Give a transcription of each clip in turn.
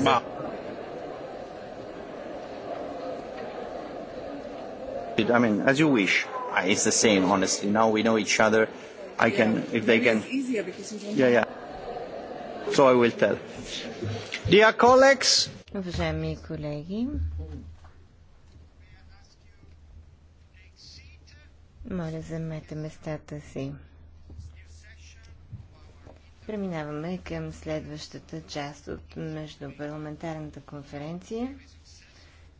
ferma. I mean, as you wish. It's the same, honestly. Now we know each other. I can, if they can. easier because you don't. Yeah, yeah. So I will tell. Dear colleagues. Уважаеми колеги, моля, замете местата си. Преминаваме към следващата част от Междупарламентарната конференция,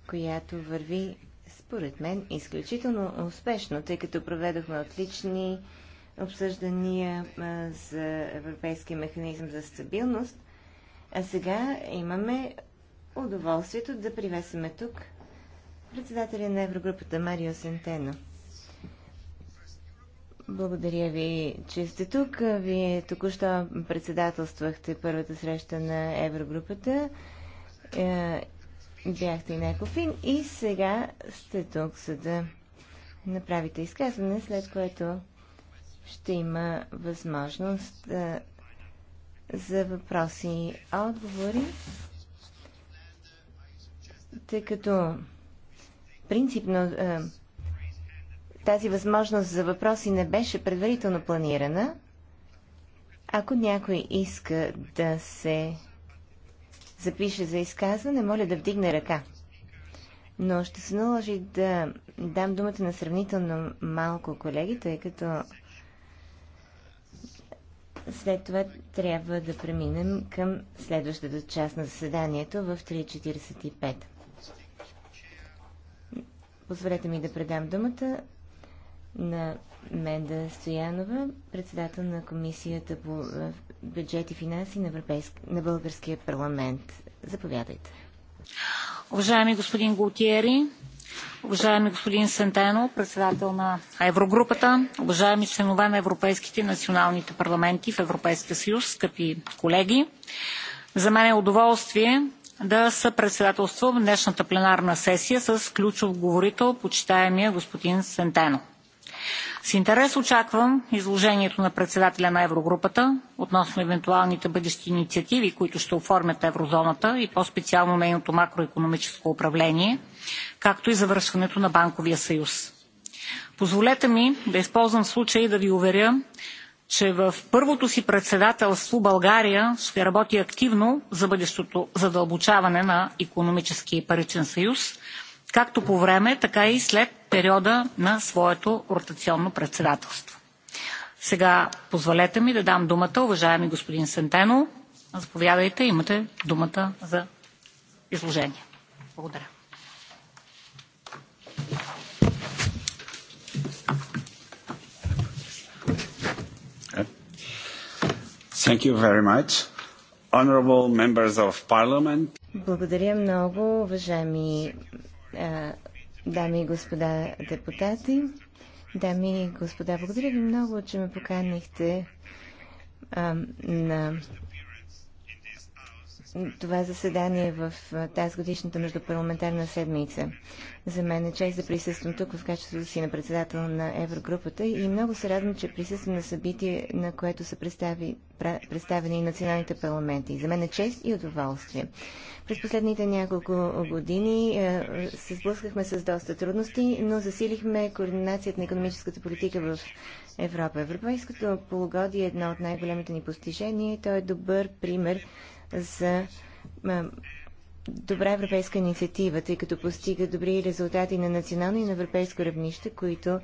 която върви, според мен, изключително успешно, тъй като проведохме отлични обсъждания за Европейския механизъм за стабилност. А сега имаме удоволствието да привесаме тук председателя на Еврогрупата Марио Сентено. Благодаря ви, че сте тук. Вие току-що председателствахте първата среща на Еврогрупата. Е, бяхте и на Екофин и сега сте тук, за да направите изказване, след което ще има възможност е, за въпроси и отговори. Тъй като принципно е, тази възможност за въпроси не беше предварително планирана. Ако някой иска да се запише за изказване, моля да вдигне ръка. Но ще се наложи да дам думата на сравнително малко колеги, тъй като след това трябва да преминем към следващата част на заседанието в 3.45. Позволете ми да предам думата на Менда Стоянова, председател на Комисията по е, бюджет и финанси на, Европейск... на Българския парламент. Заповядайте. Уважаеми господин Голтиери, уважаеми господин Сентено, председател на Еврогрупата, уважаеми членове на Европейските националните парламенти в Европейския съюз, скъпи колеги, за мен е удоволствие да председателствам днешната пленарна сесия с ключов говорител, почитаемия господин Сентено. С интерес очаквам изложението на председателя на Еврогрупата относно евентуалните бъдещи инициативи, които ще оформят еврозоната и по-специално нейното макроекономическо управление, както и завършването на банковия съюз. Позволете ми да използвам случай да ви уверя, че в първото си председателство България ще работи активно за бъдещото задълбочаване на економически и паричен съюз, както по време, така и след периода на своето ротационно председателство. Сега позволете ми да дам думата, уважаеми господин Сентено. Заповядайте, имате думата за изложение. Благодаря. Thank you very much. Honorable members of parliament. Благодаря много, уважаеми е, Дами и господа депутати, дами и господа, благодаря ви много, че ме поканихте а, на това заседание в тази годишната междупарламентарна седмица. За мен е чест да присъствам тук в качеството си на председател на Еврогрупата и много се радвам, че присъствам на събитие, на което са представи, представени и националните парламенти. За мен е чест и удоволствие. През последните няколко години се сблъскахме с доста трудности, но засилихме координацията на економическата политика в Европа. Европейското полугодие е едно от най-големите ни постижения. Той е добър пример за добра европейска инициатива, тъй като постига добри резултати на национално и на европейско равнище, които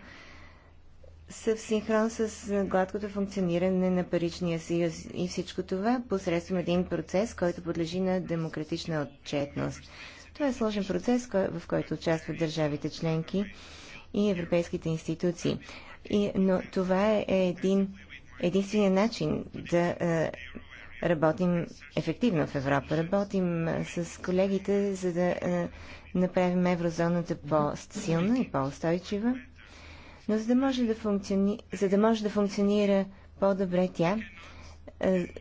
са в синхрон с гладкото функциониране на Паричния съюз и всичко това посредством един процес, който подлежи на демократична отчетност. Това е сложен процес, в който участват държавите членки и европейските институции. И, но това е един единствения начин да е, работим ефективно в Европа. Работим с колегите, за да направим еврозоната по-силна и по-устойчива. Но за да може да, функциони... за да, може да функционира по-добре тя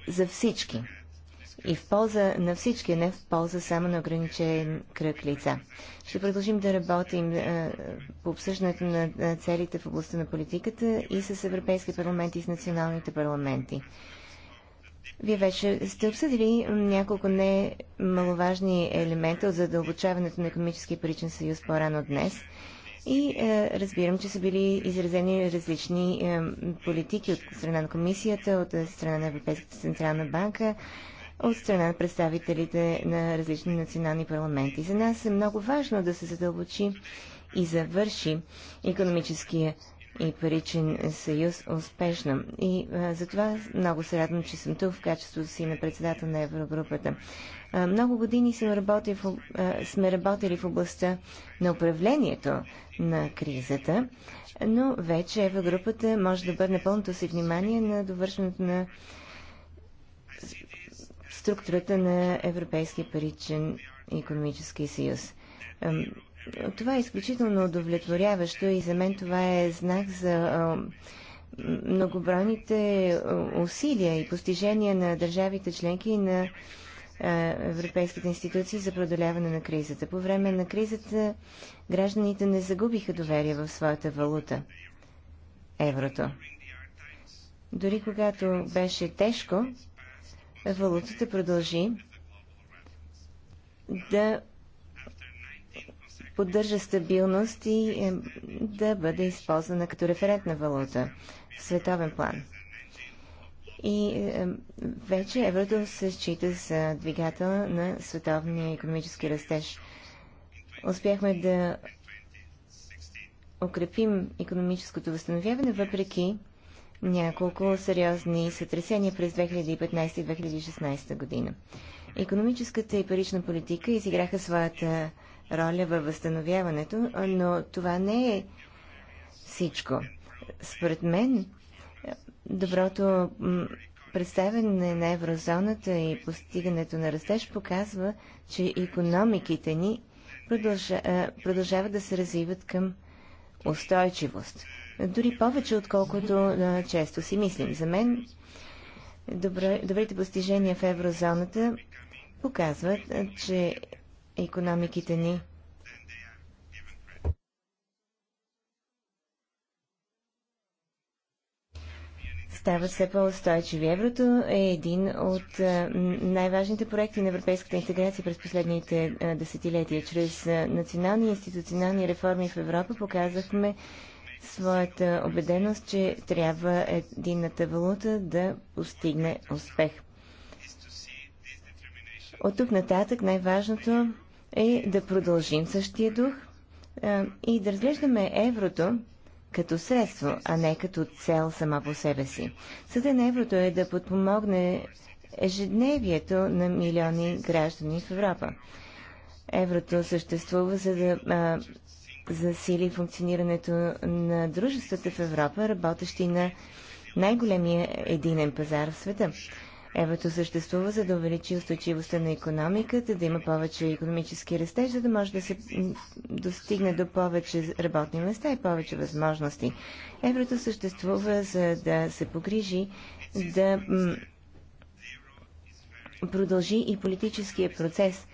за всички и в полза на всички, а не в полза само на ограничен кръг лица. Ще продължим да работим а, по обсъждането на целите в областта на политиката и с Европейския парламент и с националните парламенти. Вие вече сте обсъдили няколко немаловажни елемента от задълбочаването на економически и паричен съюз по-рано днес. И е, разбирам, че са били изразени различни е, политики от страна на комисията, от страна на Европейската централна банка, от страна на представителите на различни национални парламенти. За нас е много важно да се задълбочи и завърши економическия и паричен съюз успешно. И а, затова много се радвам, че съм тук в качеството си на председател на Еврогрупата. А, много години съм работи в, а, сме работили в областта на управлението на кризата, но вече Еврогрупата може да бъде пълното си внимание на довършването на структурата на Европейския паричен економически съюз. Това е изключително удовлетворяващо и за мен това е знак за многобройните усилия и постижения на държавите членки и на европейските институции за преодоляване на кризата. По време на кризата гражданите не загубиха доверие в своята валута – еврото. Дори когато беше тежко, валутата продължи да поддържа стабилност и е, да бъде използвана като референтна валута в световен план. И е, вече еврото се счита за двигател на световния економически растеж. Успяхме да укрепим економическото възстановяване, въпреки няколко сериозни сътресения през 2015 и 2016 година. Економическата и парична политика изиграха своята роля във възстановяването, но това не е всичко. Според мен, доброто представяне на еврозоната и постигането на растеж показва, че економиките ни продължа, продължават да се развиват към устойчивост. Дори повече, отколкото често си мислим. За мен добро, добрите постижения в еврозоната показват, че економиките ни. става все по-устойчиви. Еврото е един от най-важните проекти на европейската интеграция през последните десетилетия. Чрез национални и институционални реформи в Европа показахме своята убеденост, че трябва единната валута да постигне успех. От тук нататък най-важното е да продължим същия дух и да разглеждаме еврото като средство, а не като цел сама по себе си. Съда на еврото е да подпомогне ежедневието на милиони граждани в Европа. Еврото съществува за да а, засили функционирането на дружествата в Европа, работещи на най-големия единен пазар в света. Еврото съществува, за да увеличи устойчивостта на економиката, да има повече економически растеж, за да може да се достигне до повече работни места и повече възможности. Еврото съществува, за да се погрижи да продължи и политическия процес,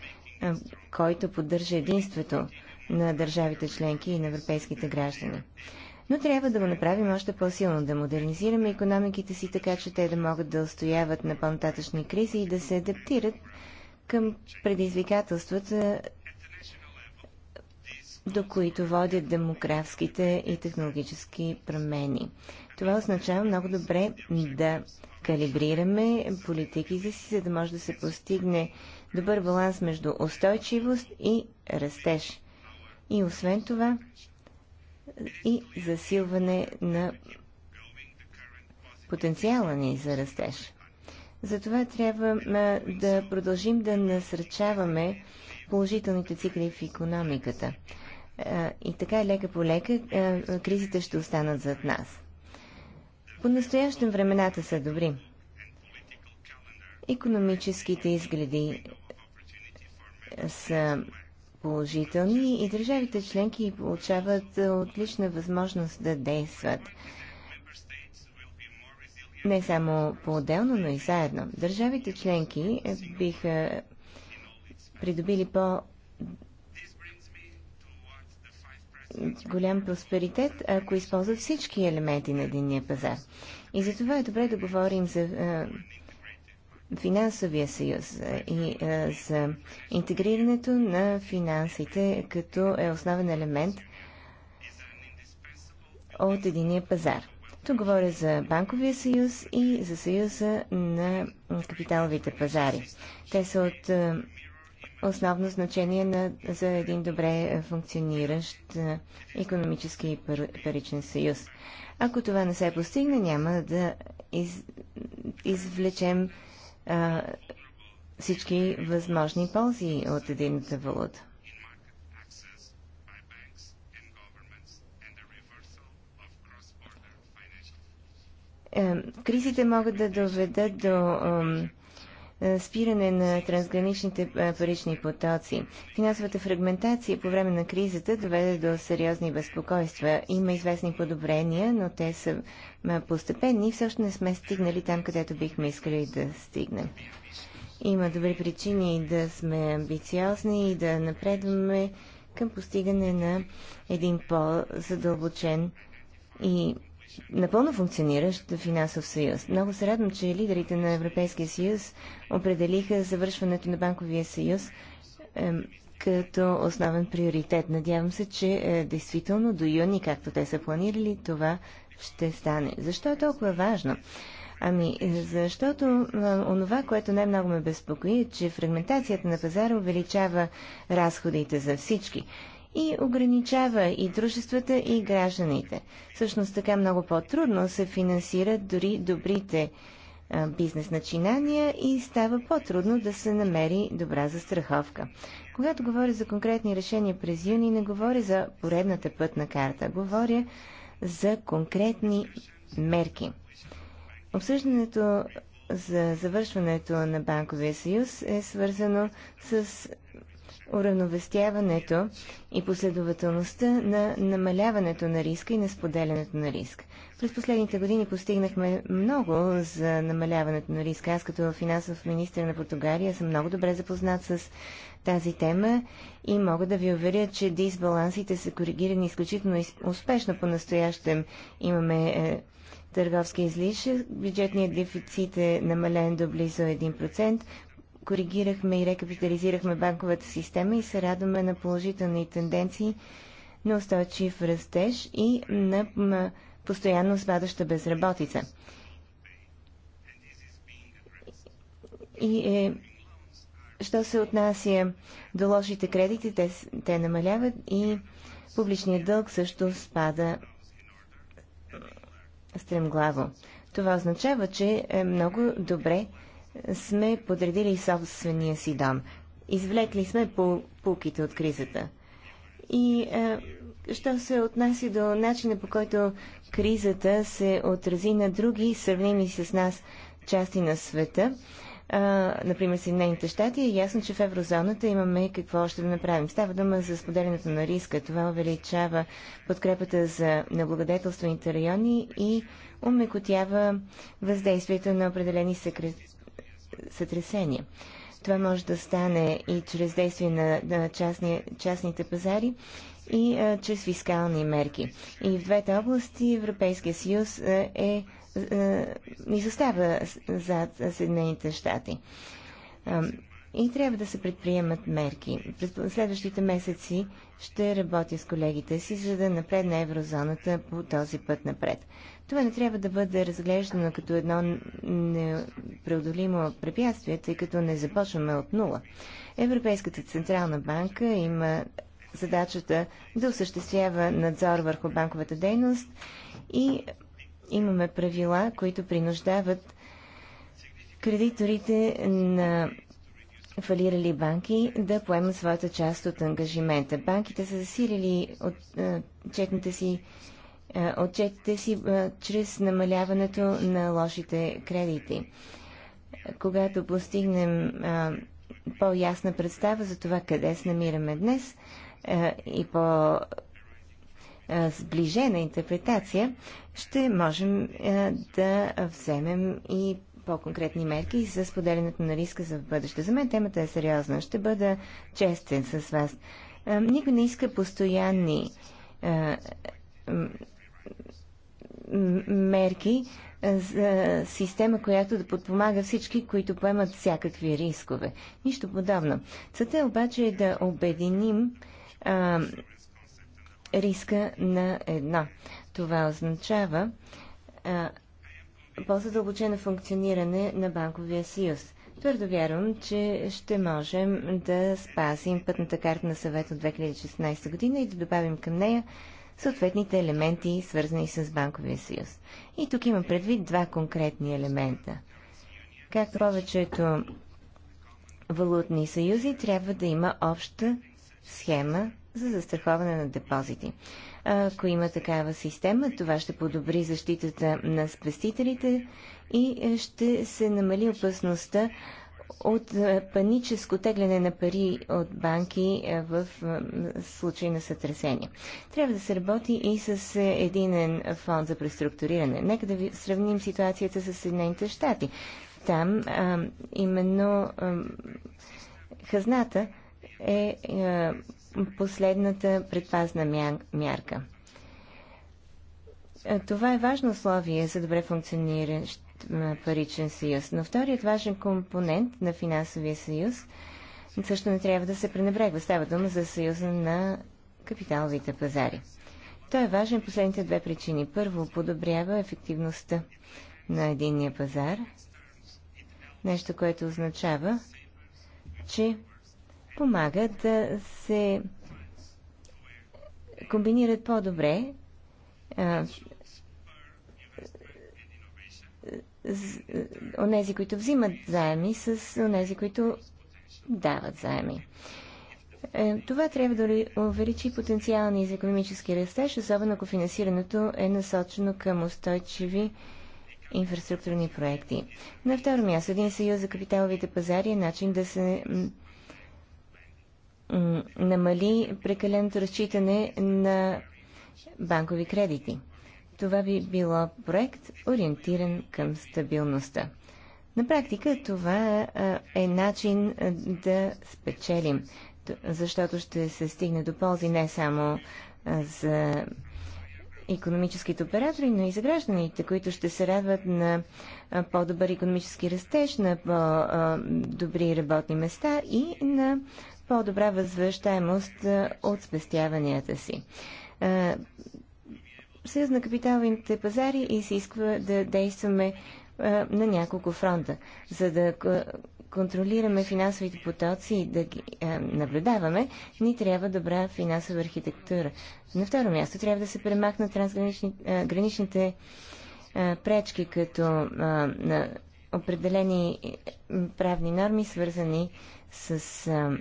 който поддържа единството на държавите членки и на европейските граждани но трябва да го направим още по-силно, да модернизираме економиките си така, че те да могат да устояват на по-нататъчни кризи и да се адаптират към предизвикателствата, до които водят демографските и технологически промени. Това означава много добре да калибрираме политиките си, за да може да се постигне добър баланс между устойчивост и растеж. И освен това, и засилване на потенциала ни за растеж. Затова трябва да продължим да насръчаваме положителните цикли в економиката. И така, лека по лека, кризите ще останат зад нас. По-настоящем времената са добри. Економическите изгледи са положителни и държавите членки получават отлична възможност да действат. Не само по-отделно, но и заедно. Държавите членки биха придобили по- голям просперитет, ако използват всички елементи на единния пазар. И за това е добре да говорим за е, финансовия съюз и за интегрирането на финансите като е основен елемент от единия пазар. Тук говоря за банковия съюз и за съюза на капиталовите пазари. Те са от основно значение на, за един добре функциониращ економически и паричен съюз. Ако това не се постигне, няма да из, извлечем всички възможни ползи от едината валута. Е, кризите могат да доведат до е, спиране на трансграничните е, парични потоци. Финансовата фрагментация по време на кризата доведе до сериозни безпокойства. Има известни подобрения, но те са е, постепенни и всъщност не сме стигнали там, където бихме искали да стигнем. Има добри причини да сме амбициозни и да напредваме към постигане на един по-задълбочен и напълно функциониращ финансов съюз. Много се радвам, че лидерите на Европейския съюз определиха завършването на банковия съюз като основен приоритет. Надявам се, че е, действително до юни, както те са планирали, това ще стане. Защо е толкова важно? Ами, е, защото е, онова, което най-много ме безпокои, е, че фрагментацията на пазара увеличава разходите за всички и ограничава и дружествата, и гражданите. Всъщност така много по-трудно се финансират дори добрите бизнес начинания и става по-трудно да се намери добра застраховка. Когато говоря за конкретни решения през юни, не говоря за поредната пътна карта, говоря за конкретни мерки. Обсъждането за завършването на Банковия съюз е свързано с уравновестяването и последователността на намаляването на риска и на споделянето на риск. През последните години постигнахме много за намаляването на риска. Аз като финансов министр на Португалия съм много добре запознат с тази тема и мога да ви уверя, че дисбалансите са коригирани изключително успешно по-настоящем. Имаме е, търговски излишък, бюджетният дефицит е намален до близо 1%, коригирахме и рекапитализирахме банковата система и се радваме на положителни тенденции на устойчив растеж и на постоянно спадаща безработица. И е, що се отнася до лошите кредити, те, те намаляват и публичният дълг също спада стремглаво. Това означава, че е много добре сме подредили собствения си дом. Извлекли сме по пулките от кризата. И а, е, що се отнася до начина по който кризата се отрази на други сравними с нас части на света, а, е, например Съединените щати, е ясно, че в еврозоната имаме какво още да направим. Става дума за споделянето на риска. Това увеличава подкрепата за неблагодетелствените райони и умекотява въздействието на определени секрети сътресение. Това може да стане и чрез действие на, на частни, частните пазари и а, чрез фискални мерки. И в двете области Европейския съюз е, е, ни застава зад Съединените щати. И трябва да се предприемат мерки. През следващите месеци ще работя с колегите си, за да напредне еврозоната по този път напред. Това не трябва да бъде разглеждано като едно непреодолимо препятствие, тъй като не започваме от нула. Европейската Централна банка има задачата да осъществява надзор върху банковата дейност и имаме правила, които принуждават кредиторите на фалирали банки да поемат своята част от ангажимента. Банките са засилили от четните си е, отчетите си е, чрез намаляването на лошите кредити. Когато постигнем е, по-ясна представа за това къде се намираме днес и по сближена интерпретация, ще можем да вземем и по-конкретни мерки за споделянето на риска за бъдеще. За мен темата е сериозна. Ще бъда честен с вас. Никой не иска постоянни мерки за система, която да подпомага всички, които поемат всякакви рискове. Нищо подобно. Целта обаче е да обединим а, риска на едно. Това означава а, по-задълбочено функциониране на банковия съюз. Твърдо вярвам, че ще можем да спазим пътната карта на съвет от 2016 година и да добавим към нея съответните елементи, свързани с Банковия съюз. И тук има предвид два конкретни елемента. Как повечето валутни съюзи трябва да има обща схема за застраховане на депозити. Ако има такава система, това ще подобри защитата на спестителите и ще се намали опасността от е, паническо тегляне на пари от банки е, в е, случай на сътресение. Трябва да се работи и с единен фонд за преструктуриране. Нека да ви сравним ситуацията с Съединените щати. Там а, именно а, хазната е а, последната предпазна мярка. Това е важно условие за добре функциониращ паричен съюз. Но вторият важен компонент на финансовия съюз също не трябва да се пренебрегва. Става дума за съюза на капиталовите пазари. Той е важен последните две причини. Първо, подобрява ефективността на единния пазар, нещо, което означава, че помага да се комбинират по-добре е, онези, които взимат заеми, с онези, които дават заеми. Е, това трябва да увеличи потенциалния за економически растеж, особено ако финансирането е насочено към устойчиви инфраструктурни проекти. На второ място, един съюз за капиталовите пазари е начин да се намали прекаленото разчитане на банкови кредити това би било проект ориентиран към стабилността. На практика това е начин да спечелим, защото ще се стигне до ползи не само за економическите оператори, но и за гражданите, които ще се радват на по-добър економически растеж, на по-добри работни места и на по-добра възвръщаемост от спестяванията си съюз на капиталните пазари изисква да действаме а, на няколко фронта, за да контролираме финансовите потоци и да ги а, наблюдаваме, ни трябва добра финансова архитектура. На второ място трябва да се премахнат трансграничните а, пречки, като а, на определени правни норми, свързани с а,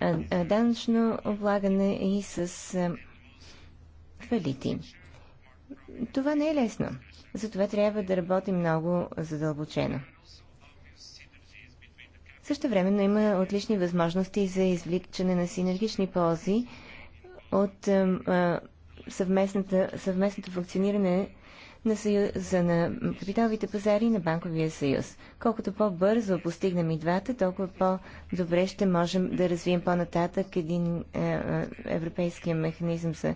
а, данъчно облагане и с а, фалити. Това не е лесно. Затова трябва да работим много задълбочено. Също времено има отлични възможности за извличане на синергични ползи от съвместното функциониране на Съюза на капиталовите пазари и на Банковия съюз. Колкото по-бързо постигнем и двата, толкова по-добре ще можем да развием по-нататък един е, е, европейския механизъм за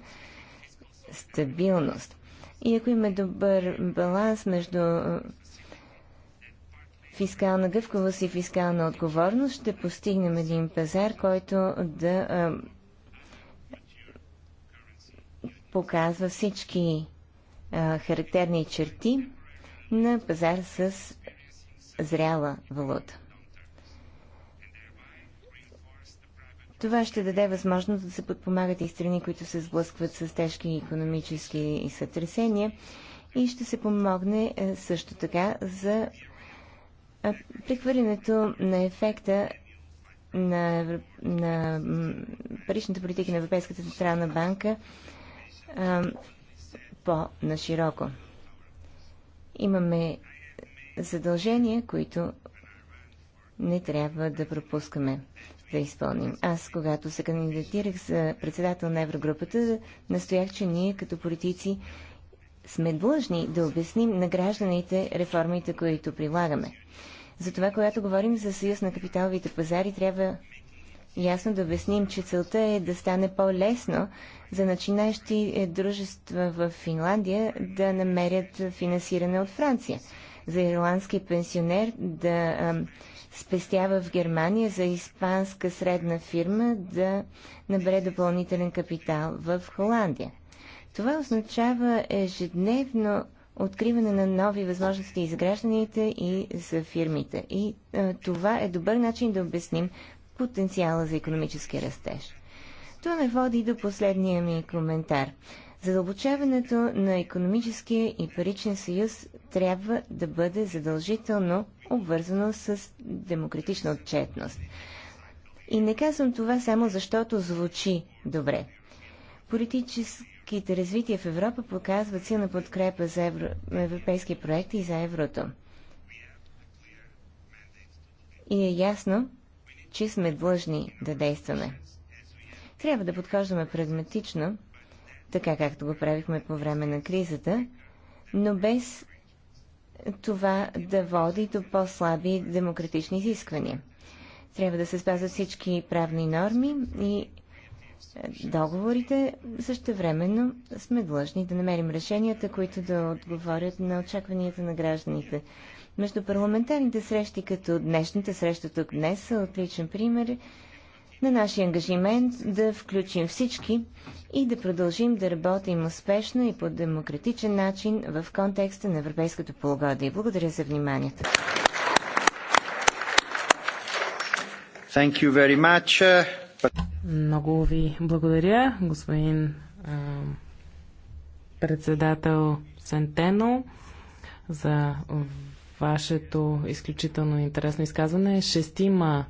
стабилност. И ако има добър баланс между фискална гъвкавост и фискална отговорност, ще постигнем един пазар, който да а, показва всички а, характерни черти на пазар с зряла валута. Това ще даде възможност да се подпомагат и страни, които се сблъскват с тежки економически сътресения и ще се помогне е, също така за е, прехвърлянето на ефекта на, на паричната политика на Европейската централна банка е, по-нашироко. Имаме задължения, които не трябва да пропускаме да изпълним. Аз, когато се кандидатирах за председател на Еврогрупата, настоях, че ние като политици сме длъжни да обясним на гражданите реформите, които прилагаме. Затова, когато говорим за съюз на капиталовите пазари, трябва ясно да обясним, че целта е да стане по-лесно за начинаещи е, дружества в Финландия да намерят е, финансиране от Франция, за ирландски пенсионер да спестява в Германия за испанска средна фирма да набере допълнителен капитал в Холандия. Това означава ежедневно откриване на нови възможности и за гражданите, и за фирмите. И а, е, това е добър начин да обясним потенциала за економически растеж. Това ме води до последния ми коментар. Задълбочаването на економическия и паричен съюз трябва да бъде задължително обвързано с демократична отчетност. И не казвам това само защото звучи добре. Политическите развития в Европа показват силна подкрепа за евро... европейски проекти и за еврото. И е ясно, че сме длъжни да действаме. Трябва да подхождаме прагматично, така както го правихме по време на кризата, но без това да води до по-слаби демократични изисквания. Трябва да се спазват всички правни норми и е, договорите. Също времено сме длъжни да намерим решенията, които да отговорят на очакванията на гражданите. Между парламентарните срещи, като днешната среща тук днес, са отличен пример на нашия ангажимент да включим всички и да продължим да работим успешно и по демократичен начин в контекста на Европейското полугодие. Благодаря за вниманието. Thank you very much. Много ви благодаря, господин а, председател Сентено, за вашето изключително интересно изказване. Шестима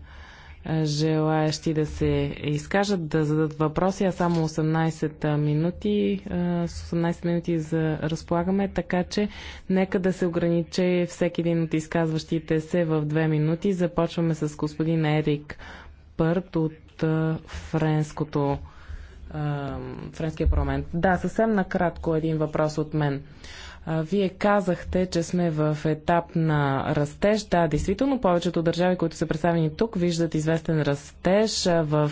желаящи да се изкажат, да зададат въпроси, а само 18 минути, с 18 минути за разполагаме, така че нека да се ограничи всеки един от изказващите се в 2 минути. Започваме с господин Ерик Пърт от френското, френския парламент. Да, съвсем накратко един въпрос от мен. Вие казахте, че сме в етап на растеж. Да, действително, повечето държави, които са представени тук, виждат известен растеж. В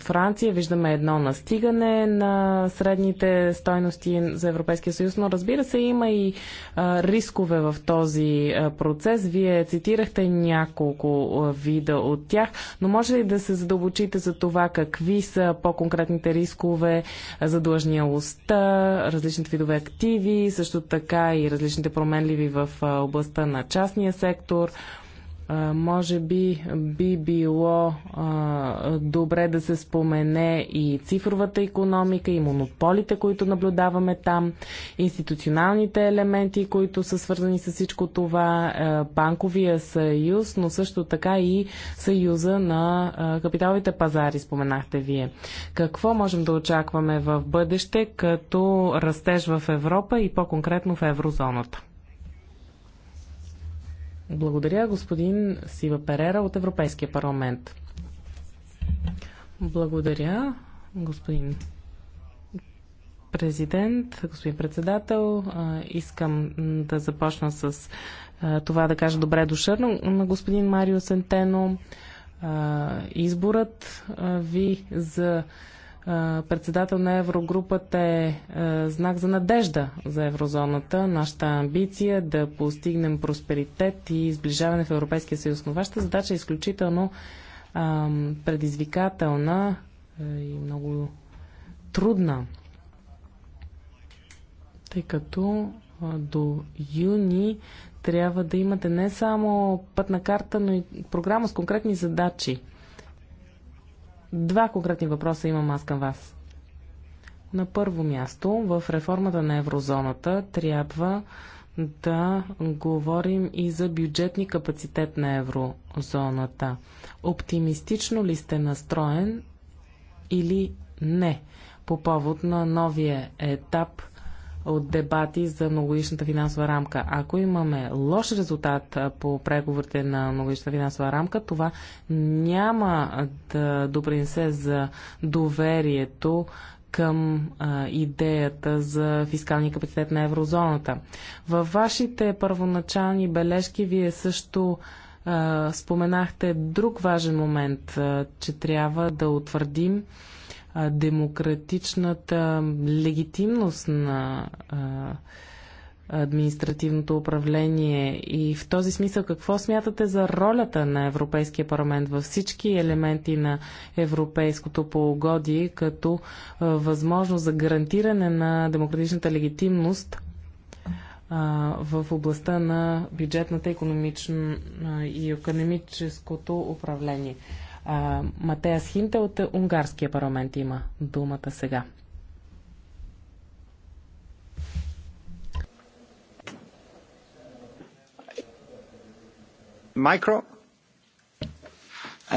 Франция виждаме едно настигане на средните стойности за Европейския съюз, но разбира се, има и а, рискове в този процес. Вие цитирахте няколко вида от тях, но може ли да се задълбочите за това какви са по-конкретните рискове за длъжнялостта, различните видове активи, също така и различните променливи в областта на частния сектор, може би би било а, добре да се спомене и цифровата економика, и монополите, които наблюдаваме там, институционалните елементи, които са свързани с всичко това, а, банковия съюз, но също така и съюза на а, капиталовите пазари, споменахте вие. Какво можем да очакваме в бъдеще като растеж в Европа и по-конкретно в еврозоната? Благодаря, господин Сива Перера от Европейския парламент. Благодаря, господин президент, господин председател. Искам да започна с това да кажа добре дошъл на господин Марио Сентено. Изборът ви за председател на Еврогрупата е, е знак за надежда за еврозоната. Нашата амбиция е да постигнем просперитет и сближаване в Европейския съюз. Но вашата задача е изключително предизвикателна е, и много трудна, тъй като до юни трябва да имате не само пътна карта, но и програма с конкретни задачи Два конкретни въпроса имам аз към вас. На първо място, в реформата на еврозоната трябва да говорим и за бюджетни капацитет на еврозоната. Оптимистично ли сте настроен или не по повод на новия етап – от дебати за многогодишната финансова рамка. Ако имаме лош резултат по преговорите на многогодишната финансова рамка, това няма да допринесе за доверието към а, идеята за фискалния капацитет на еврозоната. Във вашите първоначални бележки вие също а, споменахте друг важен момент, а, че трябва да утвърдим демократичната легитимност на административното управление. И в този смисъл, какво смятате за ролята на Европейския парламент във всички елементи на европейското полугодие, като възможност за гарантиране на демократичната легитимност в областта на бюджетната економично и економическото управление? А, Матеас Хинте от Унгарския парламент има думата сега. Micro.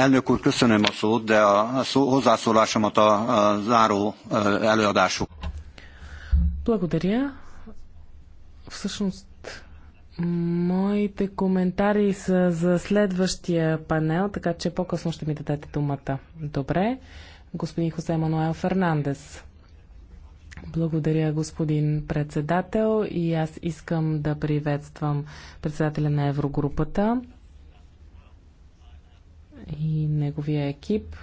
Elnök úr, köszönöm a szót, de a szó, hozzászólásomat a, a záró előadásuk. Благодаря. Всъщност Моите коментари са за следващия панел, така че по-късно ще ми дадете думата. Добре. Господин Хосе Мануел Фернандес. Благодаря, господин председател. И аз искам да приветствам председателя на Еврогрупата и неговия екип.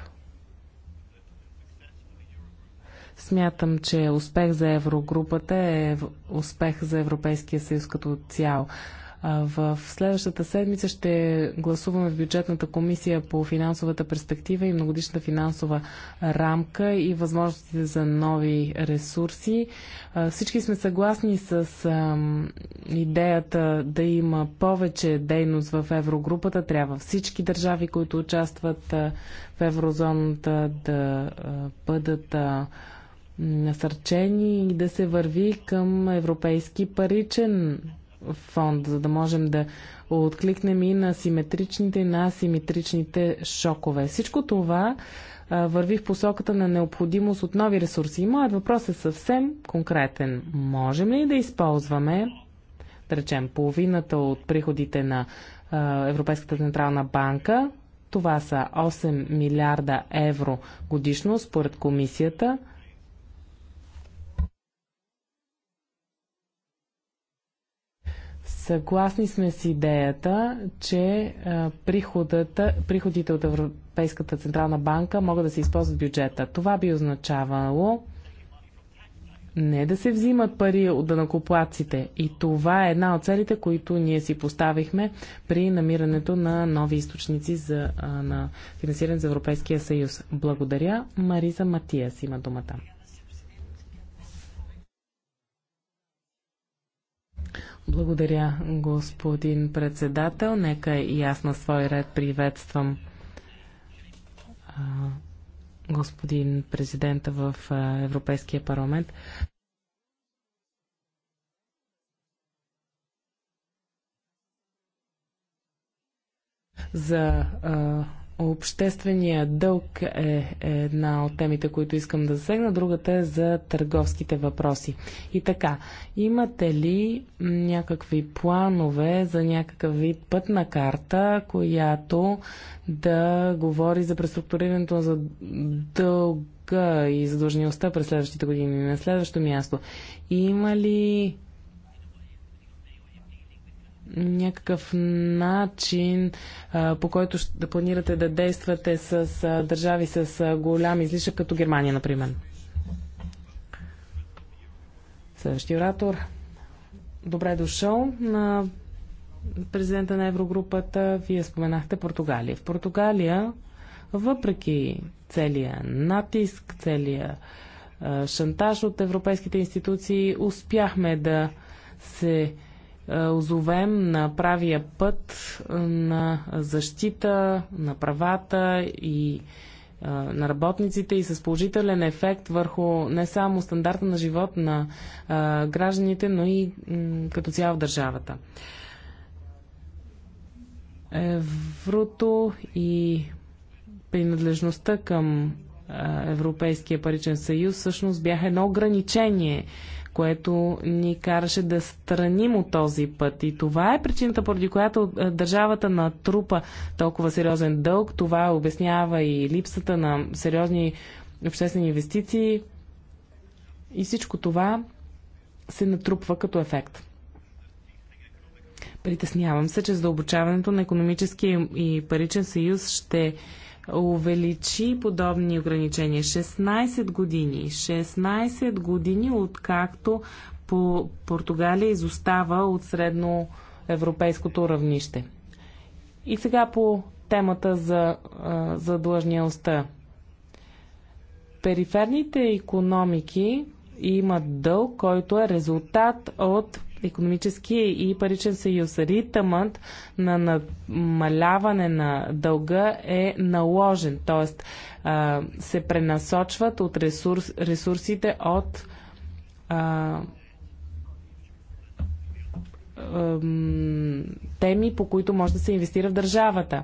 Смятам, че успех за Еврогрупата е успех за Европейския съюз като цяло. В следващата седмица ще гласуваме в бюджетната комисия по финансовата перспектива и многодишна финансова рамка и възможностите за нови ресурси. Всички сме съгласни с идеята да има повече дейност в еврогрупата. Трябва всички държави, които участват в еврозоната, да бъдат насърчени и да се върви към европейски паричен фонд, за да можем да откликнем и на симетричните и на асиметричните шокове. Всичко това върви в посоката на необходимост от нови ресурси. И моят въпрос е съвсем конкретен. Можем ли да използваме, да речем, половината от приходите на Европейската централна банка? Това са 8 милиарда евро годишно, според комисията – Съгласни сме с идеята, че приходите от Европейската Централна банка могат да се използват бюджета. Това би означавало не да се взимат пари от данакоплаците. И това е една от целите, които ние си поставихме при намирането на нови източници за, на финансиране за Европейския съюз. Благодаря. Мариза Матиас има думата. Благодаря, господин председател. Нека и аз на свой ред приветствам а, господин президента в а, Европейския парламент. За а, Обществения дълг е една от темите, които искам да засегна. Другата е за търговските въпроси. И така, имате ли някакви планове за някакъв вид пътна карта, която да говори за преструктурирането за дълга и задължеността през следващите години? На следващо място, има ли някакъв начин, по който да планирате да действате с държави с голям излишък, като Германия, например? Следващия оратор. Добре дошъл на президента на Еврогрупата. Вие споменахте Португалия. В Португалия, въпреки целия натиск, целия шантаж от европейските институции, успяхме да се е, озовем на правия път е, на защита на правата и е, на работниците и с положителен ефект върху не само стандарта на живот на гражданите, но и като цяло в държавата. Еврото и принадлежността към Европейския паричен съюз всъщност бяха едно ограничение което ни караше да страним от този път. И това е причината, поради която е, държавата натрупа толкова сериозен дълг. Това обяснява и липсата на сериозни обществени инвестиции. И всичко това се натрупва като ефект. Притеснявам се, че задълбочаването на економическия и паричен съюз ще увеличи подобни ограничения. 16 години. 16 години откакто по Португалия изостава от средно европейското равнище. И сега по темата за длъжнялостта. Периферните економики имат дълг, който е резултат от економически и паричен съюз. Ритъмът на намаляване на дълга е наложен, т.е. се пренасочват от ресурс, ресурсите от а, а, теми, по които може да се инвестира в държавата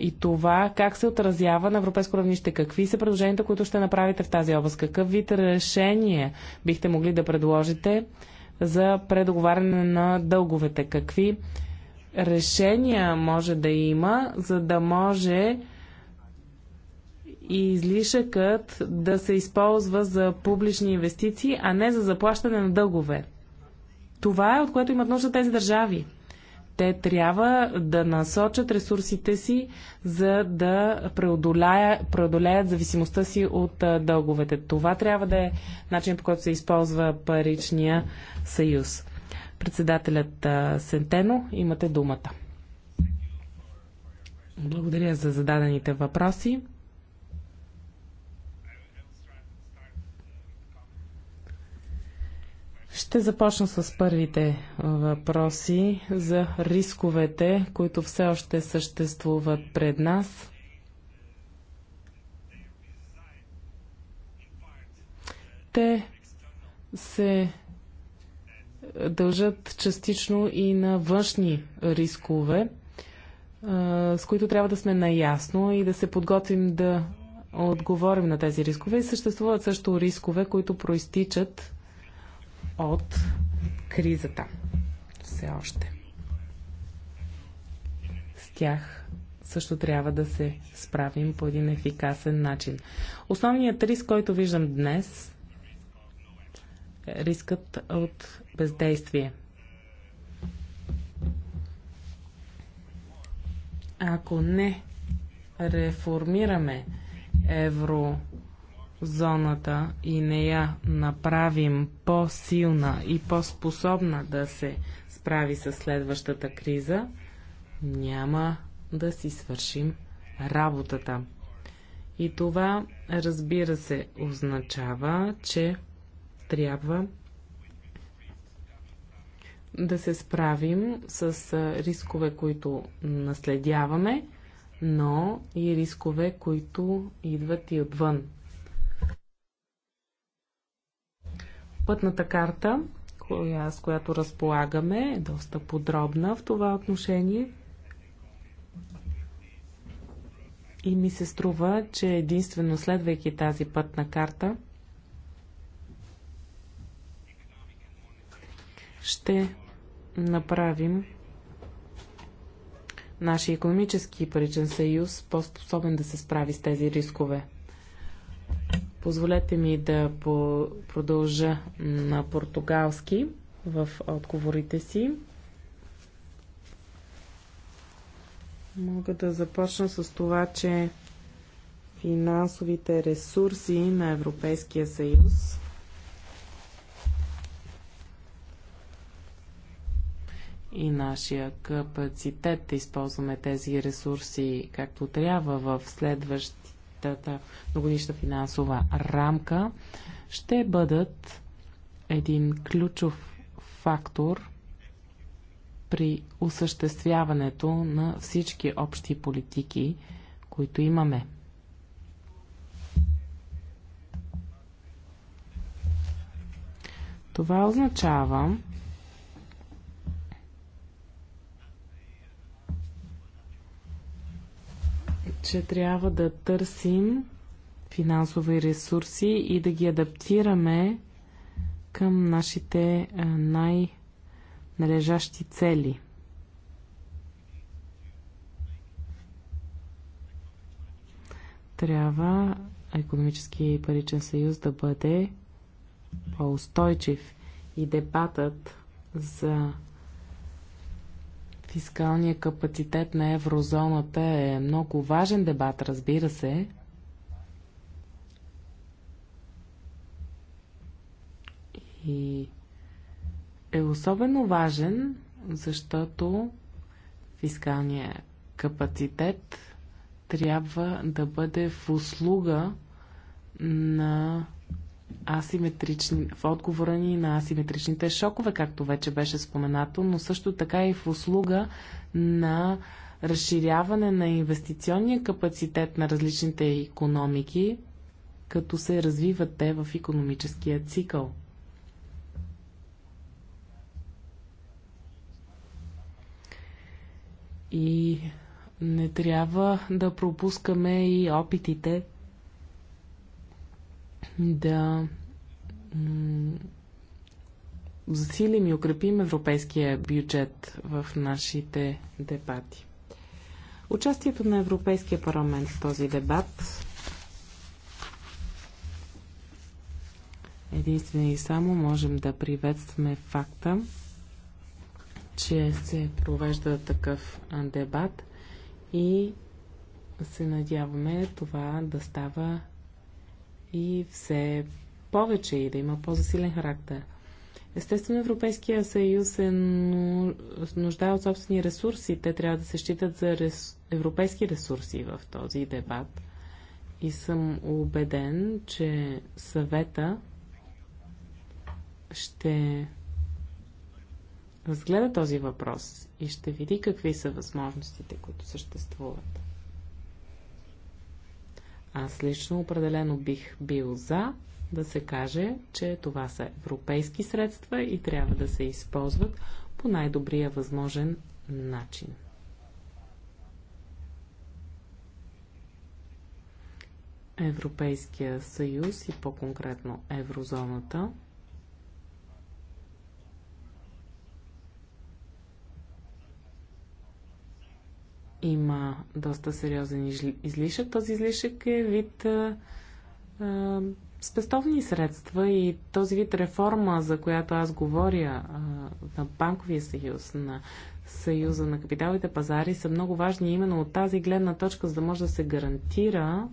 и това как се отразява на европейско равнище. Какви са предложенията, които ще направите в тази област? Какъв вид решение бихте могли да предложите? за предоговаряне на дълговете. Какви решения може да има, за да може и излишъкът да се използва за публични инвестиции, а не за заплащане на дългове. Това е от което имат нужда тези държави те трябва да насочат ресурсите си, за да преодоляят, преодоляят зависимостта си от дълговете. Това трябва да е начин по който се използва паричния съюз. Председателят Сентено, имате думата. Благодаря за зададените въпроси. Ще започна с първите въпроси за рисковете, които все още съществуват пред нас. Те се дължат частично и на външни рискове, с които трябва да сме наясно и да се подготвим да отговорим на тези рискове. И съществуват също рискове, които проистичат от кризата. Все още. С тях също трябва да се справим по един ефикасен начин. Основният риск, който виждам днес, е рискът от бездействие. Ако не реформираме евро зоната и не я направим по-силна и по-способна да се справи с следващата криза, няма да си свършим работата. И това, разбира се, означава, че трябва да се справим с рискове, които наследяваме, но и рискове, които идват и отвън. Пътната карта, коя, с която разполагаме, е доста подробна в това отношение. И ми се струва, че единствено следвайки тази пътна карта, ще направим нашия економически паричен съюз по-способен да се справи с тези рискове. Позволете ми да продължа на португалски в отговорите си. Мога да започна с това, че финансовите ресурси на Европейския съюз и нашия капацитет да използваме тези ресурси както трябва в следващия тата многодишна финансова рамка, ще бъдат един ключов фактор при осъществяването на всички общи политики, които имаме. Това означава, че трябва да търсим финансови ресурси и да ги адаптираме към нашите най-належащи цели. Трябва економически и паричен съюз да бъде по-устойчив и дебатът за Фискалният капацитет на еврозоната е много важен дебат, разбира се. И е особено важен, защото фискалният капацитет трябва да бъде в услуга на асиметрични, в отговора ни на асиметричните шокове, както вече беше споменато, но също така и в услуга на разширяване на инвестиционния капацитет на различните економики, като се развиват те в економическия цикъл. И не трябва да пропускаме и опитите да засилим и укрепим европейския бюджет в нашите дебати. Участието на Европейския парламент в този дебат единствено и само можем да приветстваме факта, че се провежда такъв дебат и се надяваме това да става и все повече и да има по-засилен характер. Естествено, Европейския съюз се нуждае от собствени ресурси. Те трябва да се считат за рес... европейски ресурси в този дебат. И съм убеден, че съвета ще разгледа този въпрос и ще види какви са възможностите, които съществуват. Аз лично определено бих бил за да се каже, че това са европейски средства и трябва да се използват по най-добрия възможен начин. Европейския съюз и по-конкретно еврозоната има доста сериозен излишък. Този излишък е вид а, а, спестовни средства и този вид реформа, за която аз говоря а, на Банковия съюз, на Съюза на капиталите пазари, са много важни именно от тази гледна точка, за да може да се гарантира,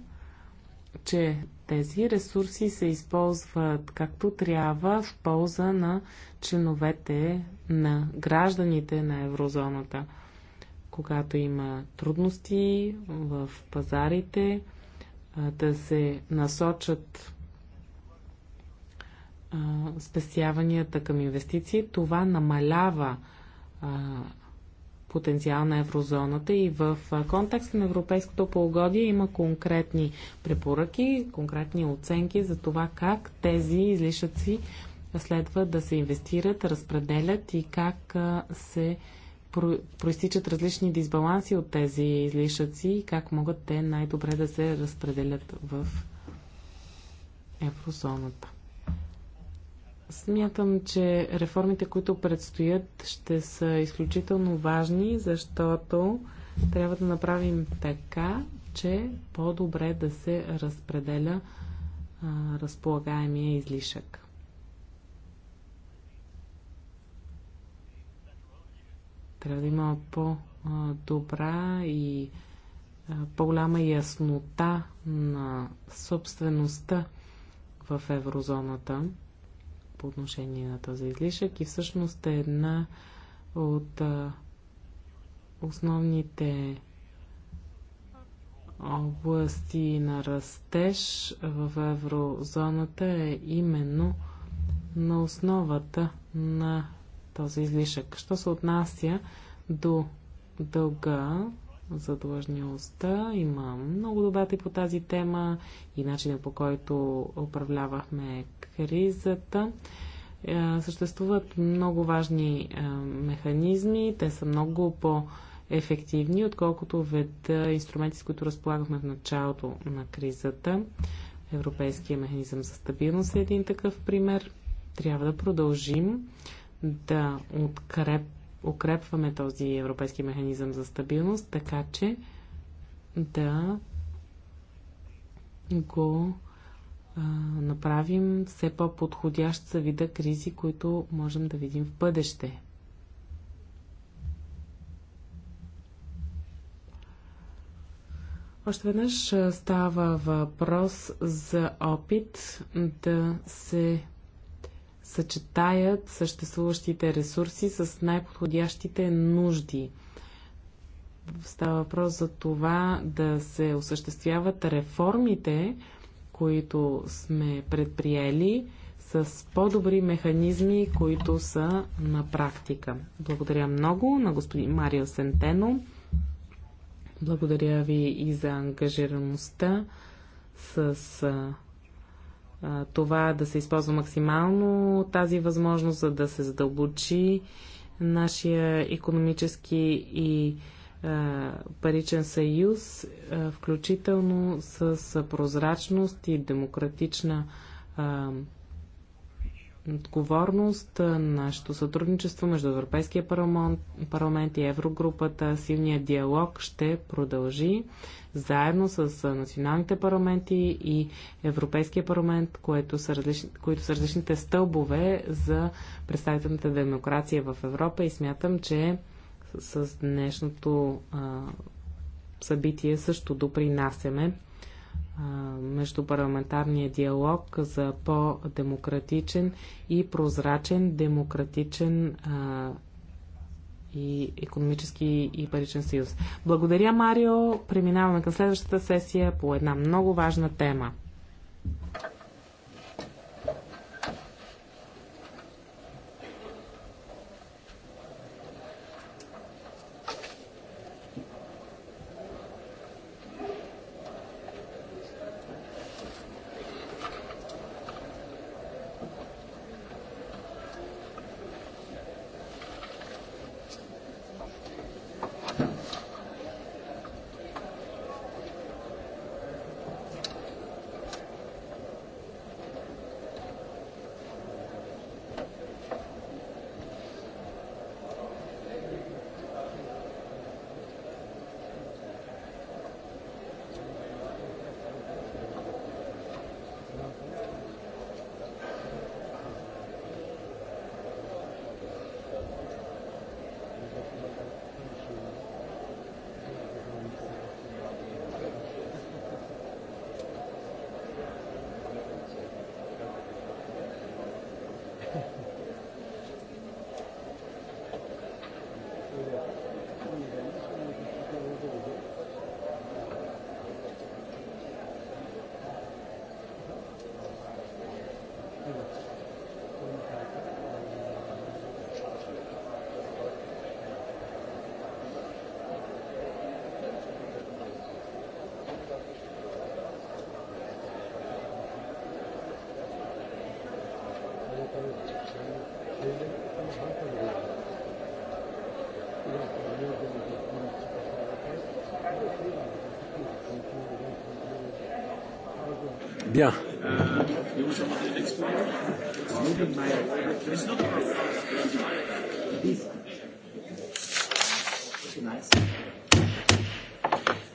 че тези ресурси се използват както трябва в полза на членовете на гражданите на еврозоната когато има трудности в пазарите, да се насочат спестяванията към инвестиции, това намалява потенциал на еврозоната и в контекст на европейското полугодие има конкретни препоръки, конкретни оценки за това как тези излишъци следва да се инвестират, разпределят и как се проистичат различни дисбаланси от тези излишъци и как могат те най-добре да се разпределят в еврозоната. Смятам, че реформите, които предстоят, ще са изключително важни, защото трябва да направим така, че по-добре да се разпределя а, разполагаемия излишък. Трябва да има по-добра и по-голяма яснота на собствеността в еврозоната по отношение на този излишък и всъщност е една от основните области на растеж в еврозоната е именно на основата на този излишък. Що се отнася до дълга, за длъжността, Има много дебати по тази тема и начина по който управлявахме кризата. Е, съществуват много важни е, механизми. Те са много по-ефективни, отколкото вед инструменти, с които разполагахме в началото на кризата. Европейския механизъм за стабилност е един такъв пример. Трябва да продължим да откреп, укрепваме този европейски механизъм за стабилност, така че да го а, направим все по-подходящ за вида кризи, които можем да видим в бъдеще. Още веднъж става въпрос за опит да се съчетаят съществуващите ресурси с най-подходящите нужди. Става въпрос за това да се осъществяват реформите, които сме предприели с по-добри механизми, които са на практика. Благодаря много на господин Марио Сентено. Благодаря ви и за ангажираността с това да се използва максимално тази възможност, за да се задълбочи нашия економически и паричен съюз, включително с прозрачност и демократична отговорност, нашето сътрудничество между Европейския парламент, парламент и Еврогрупата, силният диалог ще продължи заедно с националните парламенти и Европейския парламент, което са различни, които са различните стълбове за представителната демокрация в Европа и смятам, че с, с днешното а, събитие също допринасяме междупарламентарния диалог за по-демократичен и прозрачен демократичен а, и економически и паричен съюз. Благодаря, Марио. Преминаваме към следващата сесия по една много важна тема.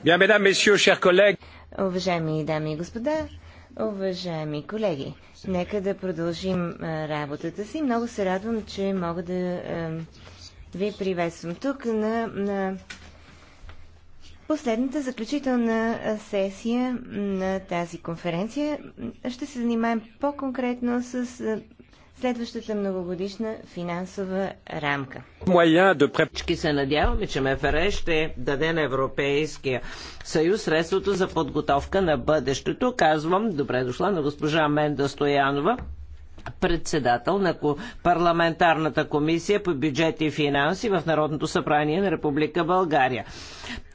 Bien, mesdames, messieurs, chers collègues. Уважаеми дами и господа, уважаеми колеги, нека да продължим работата си. Много се радвам, че мога да ви приветствам тук на, на последната заключителна сесия на тази конференция. Ще се занимаем по-конкретно с следващата многогодишна финансова рамка. Всички се надяваме, че МФР ще даде на Европейския съюз средството за подготовка на бъдещето. Казвам, добре дошла на госпожа Менда Стоянова, председател на парламентарната комисия по бюджет и финанси в Народното събрание на Република България.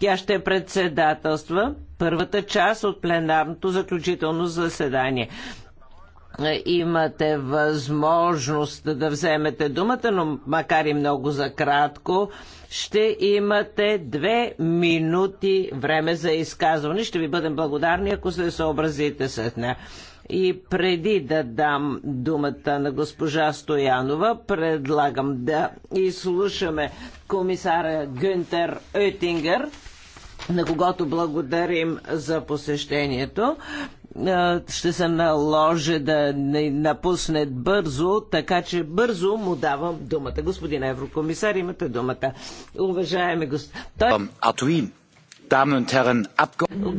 Тя ще председателства първата част от пленарното заключително заседание имате възможност да вземете думата, но макар и много за кратко, ще имате две минути време за изказване. Ще ви бъдем благодарни, ако се съобразите с нея. И преди да дам думата на госпожа Стоянова, предлагам да изслушаме комисара Гюнтер Ойтингер, на когото благодарим за посещението ще се наложи да не напусне бързо, така че бързо му давам думата. Господин Еврокомисар, имате думата. Уважаеми господин... Той...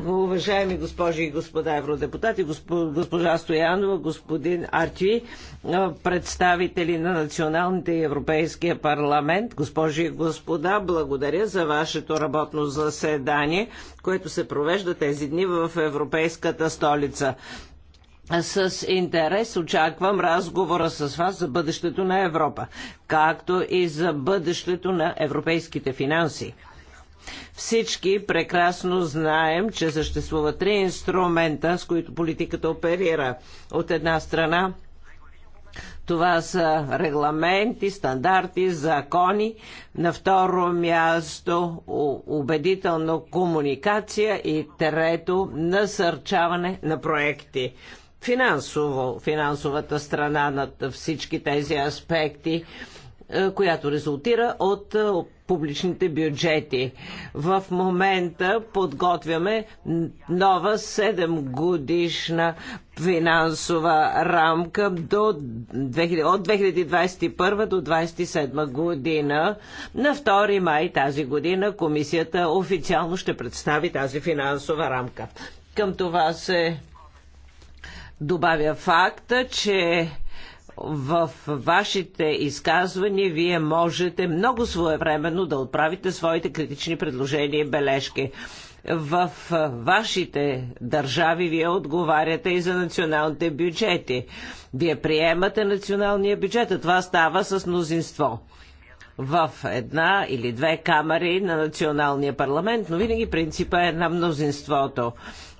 Уважаеми госпожи и господа евродепутати, госпожа Стоянова, господин Арчи, представители на националните и Европейския парламент, госпожи и господа, благодаря за вашето работно заседание, което се провежда тези дни в Европейската столица. С интерес очаквам разговора с вас за бъдещето на Европа, както и за бъдещето на европейските финанси. Всички прекрасно знаем, че съществуват три инструмента, с които политиката оперира. От една страна това са регламенти, стандарти, закони. На второ място убедително комуникация и трето насърчаване на проекти. Финансово, финансовата страна на всички тези аспекти, е, която резултира от е, публичните бюджети. В момента подготвяме нова 7 годишна финансова рамка до, от 2021 до 2027 година. На 2 май тази година комисията официално ще представи тази финансова рамка. Към това се добавя факта, че в вашите изказвания вие можете много своевременно да отправите своите критични предложения и бележки в вашите държави вие отговаряте и за националните бюджети. Вие приемате националния бюджет, а това става с мнозинство в една или две камери на националния парламент, но винаги принципа е на мнозинството.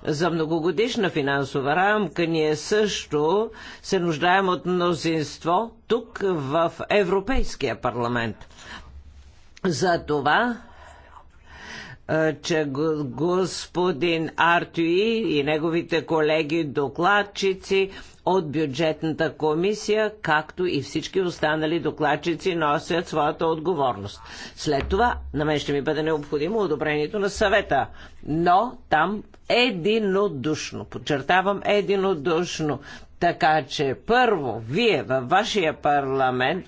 За многогодишна финансова рамка ние също се нуждаем от мнозинство тук в Европейския парламент. За това че господин Артюи и неговите колеги докладчици от бюджетната комисия, както и всички останали докладчици носят своята отговорност. След това на мен ще ми бъде необходимо одобрението на съвета, но там единодушно, подчертавам единодушно, така че първо, вие във вашия парламент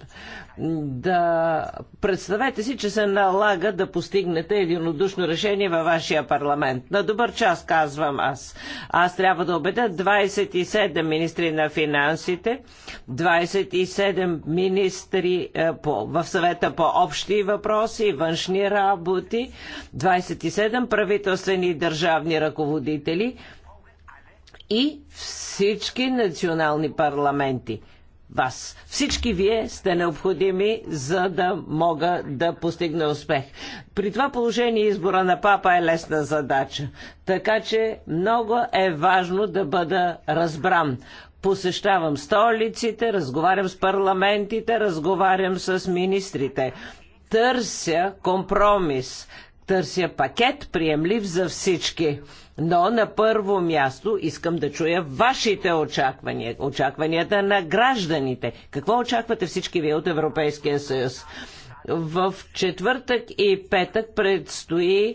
да представете си, че се налага да постигнете единодушно решение във вашия парламент. На добър час казвам аз. Аз трябва да убедя 27 министри на финансите, 27 министри е, по, в съвета по общи въпроси, външни работи, 27 правителствени и държавни ръководители – и всички национални парламенти. Вас. Всички вие сте необходими, за да мога да постигна успех. При това положение избора на папа е лесна задача. Така че много е важно да бъда разбран посещавам столиците, разговарям с парламентите, разговарям с министрите. Търся компромис, търся пакет приемлив за всички. Но на първо място искам да чуя вашите очаквания, очакванията на гражданите. Какво очаквате всички вие от Европейския съюз? В четвъртък и петък предстои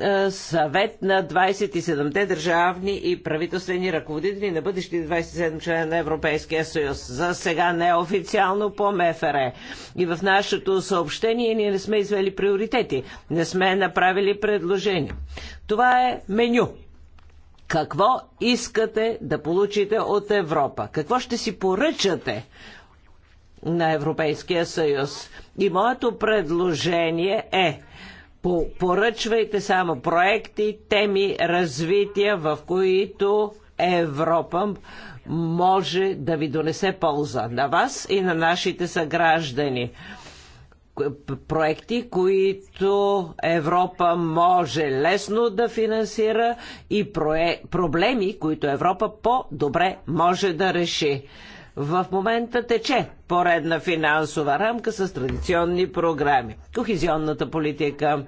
е, съвет на 27-те държавни и правителствени ръководители на бъдещи 27 члена на Европейския съюз. За сега не е официално по МФР. И в нашето съобщение ние не сме извели приоритети, не сме направили предложения. Това е меню. Какво искате да получите от Европа? Какво ще си поръчате? на Европейския съюз. И моето предложение е поръчвайте само проекти, теми, развития, в които Европа може да ви донесе полза на вас и на нашите съграждани. Проекти, които Европа може лесно да финансира и проблеми, които Европа по-добре може да реши. В момента тече поредна финансова рамка с традиционни програми. Кохизионната политика,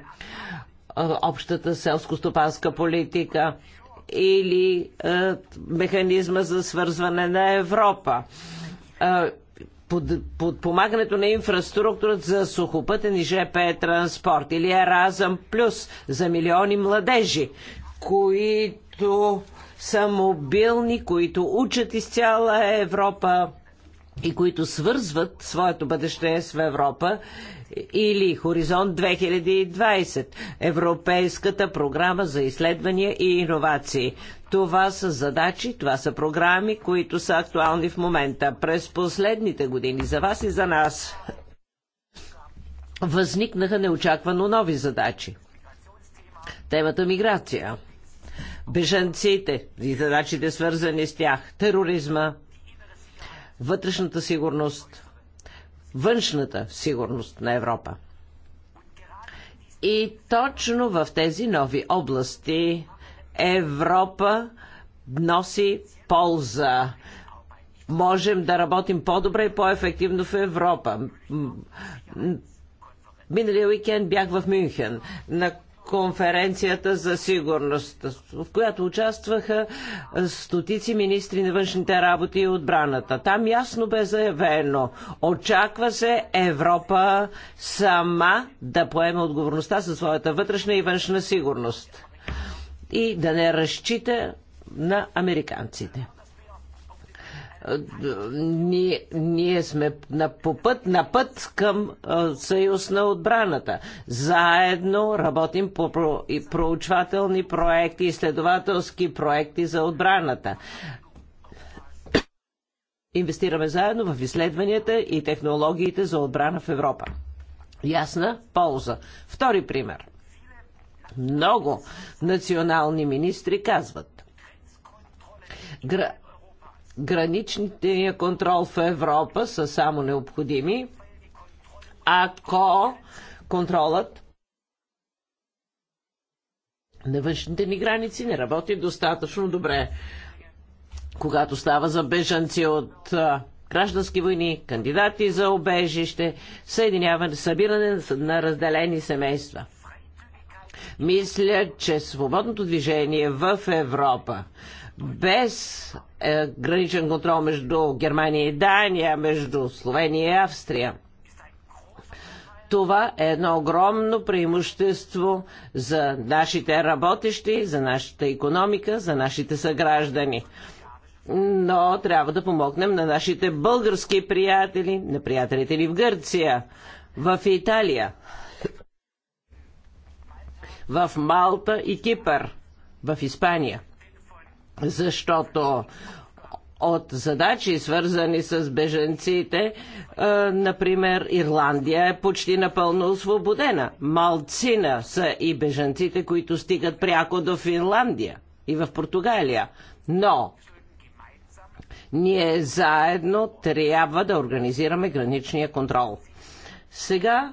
общата селско-стопанска политика или е, механизма за свързване на Европа. Е, под, подпомагането на инфраструктурата за сухопътен и ЖП транспорт или Еразъм Плюс за милиони младежи, които са мобилни, които учат из цяла Европа и които свързват своето бъдеще с Европа или Хоризонт 2020, Европейската програма за изследвания и иновации. Това са задачи, това са програми, които са актуални в момента. През последните години за вас и за нас възникнаха неочаквано нови задачи. Темата миграция – бежанците и задачите свързани с тях, тероризма, вътрешната сигурност, външната сигурност на Европа. И точно в тези нови области Европа носи полза. Можем да работим по-добре и по-ефективно в Европа. Миналия уикенд бях в Мюнхен на конференцията за сигурност, в която участваха стотици министри на външните работи и отбраната. Там ясно бе заявено, очаква се Европа сама да поеме отговорността за своята вътрешна и външна сигурност и да не разчита на американците ние, ние сме на, по път, на път към съюз на отбраната. Заедно работим по про, и проучвателни проекти, изследователски проекти за отбраната. Инвестираме заедно в изследванията и технологиите за отбрана в Европа. Ясна полза. Втори пример. Много национални министри казват. Гра граничните контрол в Европа са само необходими, ако контролът на външните ни граници не работи достатъчно добре. Когато става за бежанци от граждански войни, кандидати за обежище, съединяване, събиране на разделени семейства. Мисля, че свободното движение в Европа без е, граничен контрол между Германия и Дания, между Словения и Австрия. Това е едно огромно преимущество за нашите работещи, за нашата економика, за нашите съграждани. Но трябва да помогнем на нашите български приятели, на приятелите ни в Гърция, в Италия, в Малта и Кипър, в Испания – защото от задачи, свързани с беженците, е, например, Ирландия е почти напълно освободена. Малцина са и беженците, които стигат пряко до Финландия и в Португалия. Но ние заедно трябва да организираме граничния контрол. Сега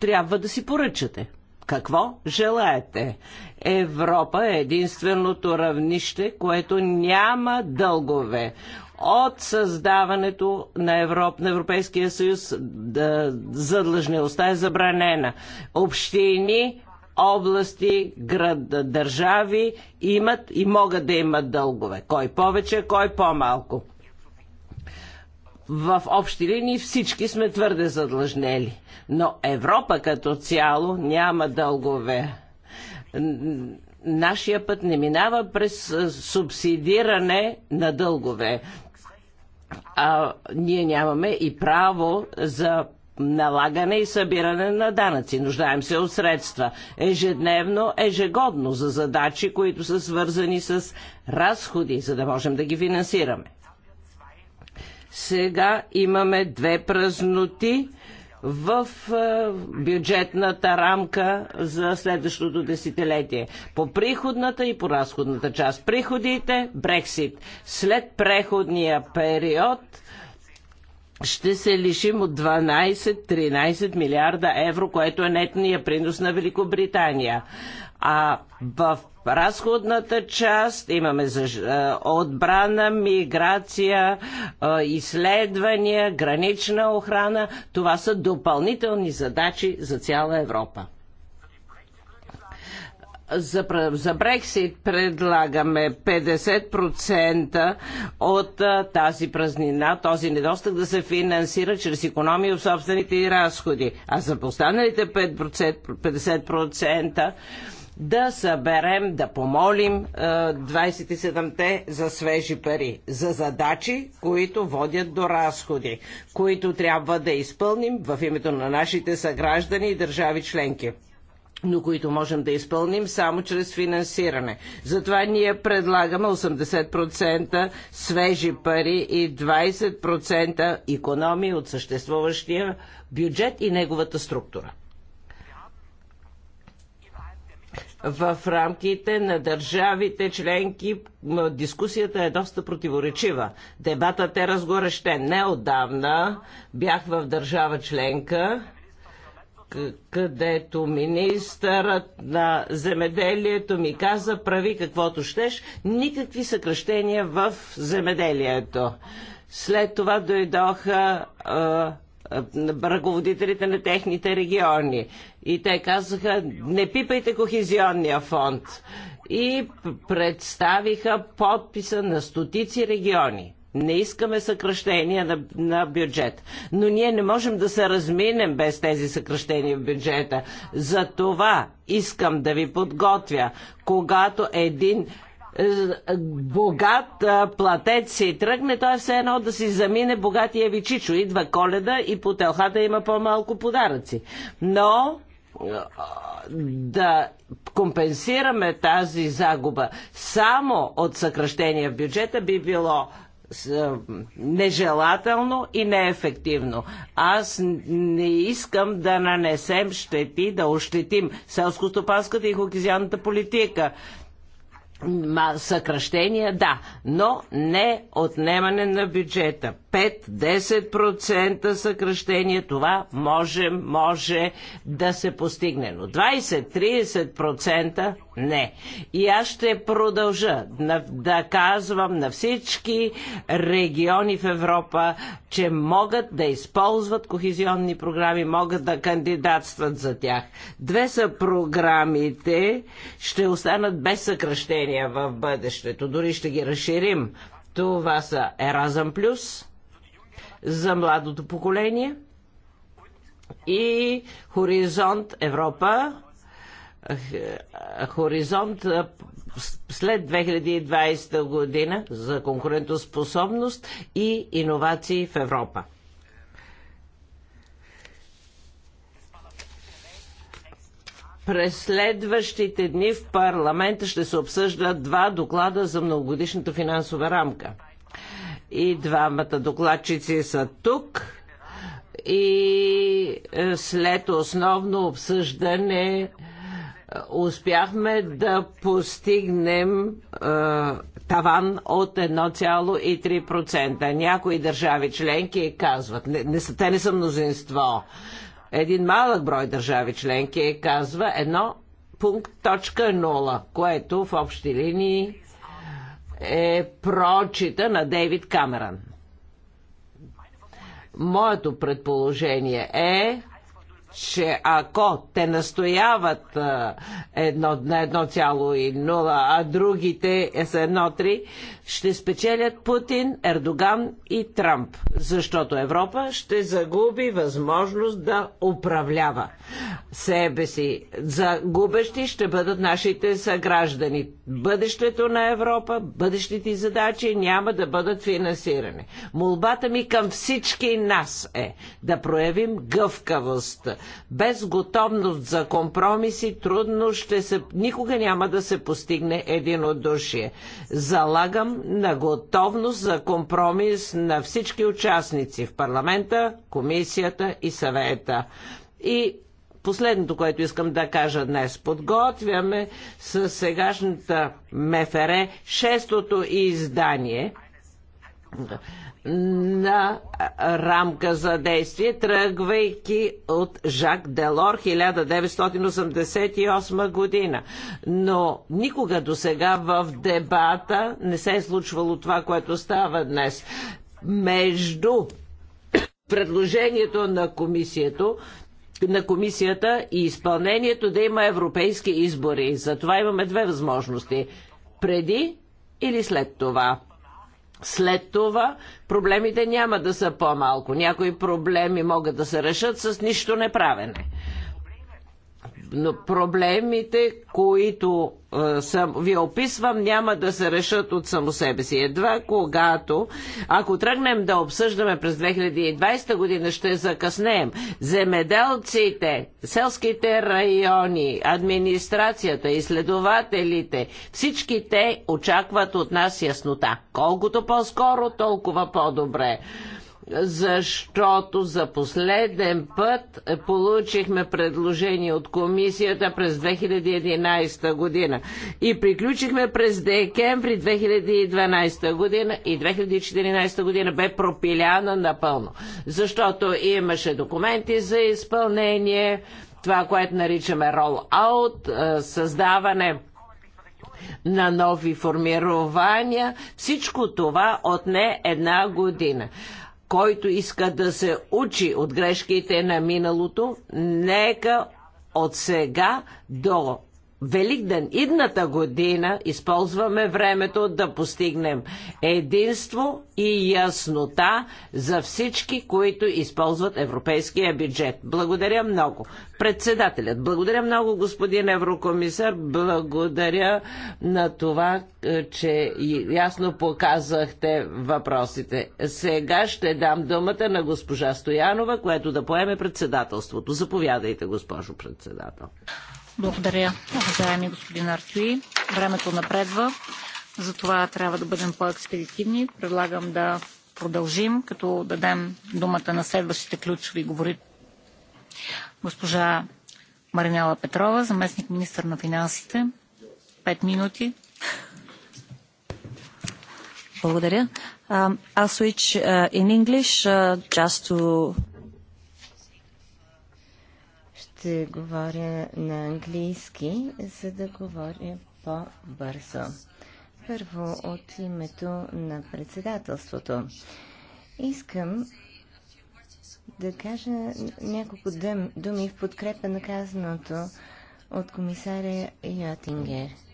трябва да си поръчате. Какво желаете? Европа е единственото равнище, което няма дългове от създаването на, Европ, на Европейския съюз да, задлъжнилостта е забранена. Общини, области, град, държави имат и могат да имат дългове. Кой повече, кой по-малко в общи линии всички сме твърде задлъжнели. Но Европа като цяло няма дългове. Нашия път не минава през субсидиране на дългове. А ние нямаме и право за налагане и събиране на данъци. Нуждаем се от средства ежедневно, ежегодно за задачи, които са свързани с разходи, за да можем да ги финансираме. Сега имаме две празноти в е, бюджетната рамка за следващото десетилетие. По приходната и по разходната част. Приходите – Брексит. След преходния период ще се лишим от 12-13 милиарда евро, което е нетния принос на Великобритания. А в разходната част, имаме за, е, отбрана, миграция, е, изследвания, гранична охрана. Това са допълнителни задачи за цяла Европа. За, Брексит предлагаме 50% от е, тази празнина, този недостъг да се финансира чрез економия в собствените и разходи. А за останалите 50% да съберем, да помолим 27-те е, за свежи пари, за задачи, които водят до разходи, които трябва да изпълним в името на нашите съграждани и държави членки но които можем да изпълним само чрез финансиране. Затова ние предлагаме 80% свежи пари и 20% економии от съществуващия бюджет и неговата структура. в рамките на държавите членки дискусията е доста противоречива. Дебатът е разгорещен. отдавна бях в държава членка, където министърът на земеделието ми каза, прави каквото щеш, никакви съкръщения в земеделието. След това дойдоха е, ръководителите на техните региони. И те казаха, не пипайте кохезионния фонд. И представиха подписа на стотици региони. Не искаме съкръщения на, на бюджет. Но ние не можем да се разминем без тези съкръщения в бюджета. За това искам да ви подготвя, когато един е, богат е, платец си тръгне, той е все едно да си замине богатия вичичо. Идва коледа и по телхата има по-малко подаръци. Но е, да компенсираме тази загуба само от съкръщение в бюджета би било нежелателно и неефективно. Аз не искам да нанесем щети, да ощетим селско-стопанската и хокизианната политика съкръщения, да, но не отнемане на бюджета. 5-10% съкръщение, това може, може да се постигне. Но 20-30% не. И аз ще продължа на, да казвам на всички региони в Европа, че могат да използват кохезионни програми, могат да кандидатстват за тях. Две са програмите, ще останат без съкръщения в бъдещето. Дори ще ги разширим. Това са Еразъм Плюс за младото поколение и Хоризонт Европа хоризонт след 2020 година за конкурентоспособност и иновации в Европа. През следващите дни в парламента ще се обсъждат два доклада за многогодишната финансова рамка. И двамата докладчици са тук и е, след основно обсъждане успяхме да постигнем е, таван от 1,3%. Някои държави членки казват, не, не, те не са мнозинство, един малък брой държави членки казва едно пункт точка което в общи линии е прочита на Дейвид Камеран. Моето предположение е, че ако те настояват едно, на 1,0, а другите е са 1,3, ще спечелят Путин, Ердоган и Трамп, защото Европа ще загуби възможност да управлява себе си. Загубещи ще бъдат нашите съграждани. Бъдещето на Европа, бъдещите задачи няма да бъдат финансирани. Молбата ми към всички нас е да проявим гъвкавост без готовност за компромиси трудно ще се, никога няма да се постигне единодушие. Залагам на готовност за компромис на всички участници в парламента, комисията и съвета. И последното, което искам да кажа днес. Подготвяме с сегашната МФР шестото издание на рамка за действие, тръгвайки от Жак Делор 1988 година. Но никога до сега в дебата не се е случвало това, което става днес. Между предложението на комисията, на комисията и изпълнението да има европейски избори. Затова имаме две възможности. Преди или след това. След това проблемите няма да са по-малко. Някои проблеми могат да се решат с нищо неправене проблемите, които е, съм, ви описвам, няма да се решат от само себе си. Едва когато, ако тръгнем да обсъждаме през 2020 година, ще закъснеем. Земеделците, селските райони, администрацията, изследователите, всички те очакват от нас яснота. Колкото по-скоро, толкова по-добре защото за последен път получихме предложение от комисията през 2011 година и приключихме през декември 2012 година и 2014 година бе пропиляна напълно, защото имаше документи за изпълнение, това, което наричаме рол-аут, е, създаване на нови формирования. Всичко това отне една година който иска да се учи от грешките на миналото, нека от сега до Великден идната година използваме времето да постигнем единство и яснота за всички, които използват европейския бюджет. Благодаря много. Председателят, благодаря много, господин еврокомисар. Благодаря на това, е, че ясно показахте въпросите. Сега ще дам думата на госпожа Стоянова, която да поеме председателството. Заповядайте, госпожо председател. Благодаря, уважаеми господин Артюи. Времето напредва, затова трябва да бъдем по-експедитивни. Предлагам да продължим, като дадем думата на следващите ключови говори. Госпожа Маринела Петрова, заместник министър на финансите. Пет минути. Благодаря. Um, I'll switch uh, in English uh, just to ще говоря на английски, за да говоря по-бързо. Първо от името на председателството. Искам да кажа няколко думи в подкрепа на казаното от комисаря Йотингер –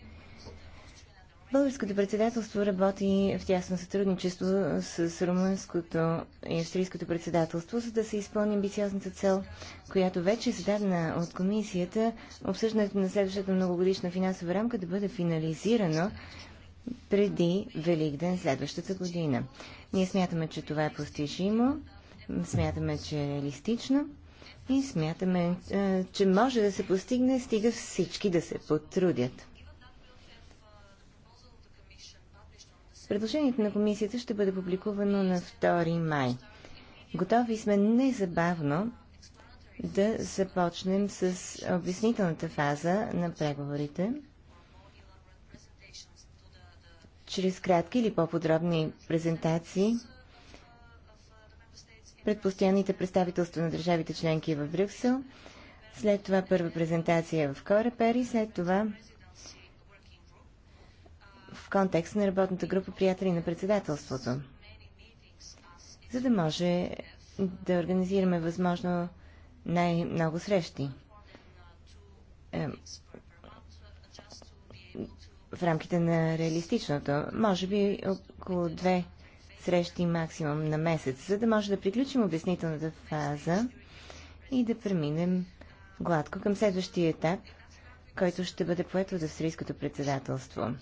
Българското председателство работи в тясно сътрудничество с румънското и австрийското председателство, за да се изпълни амбициозната цел, която вече е зададена от комисията, обсъждането на следващата многогодишна финансова рамка да бъде финализирано преди Великден следващата година. Ние смятаме, че това е постижимо, смятаме, че е реалистично и смятаме, е, че може да се постигне, стига всички да се потрудят. Предложението на комисията ще бъде публикувано на 2 май. Готови сме незабавно да започнем с обяснителната фаза на преговорите, чрез кратки или по-подробни презентации пред постоянните представителства на държавите членки в Брюксел, след това първа презентация в Корепер и след това в контекст на работната група приятели на председателството, за да може да организираме възможно най-много срещи е, в рамките на реалистичното. Може би около две срещи максимум на месец, за да може да приключим обяснителната фаза и да преминем гладко към следващия етап, който ще бъде поет от австрийското председателство.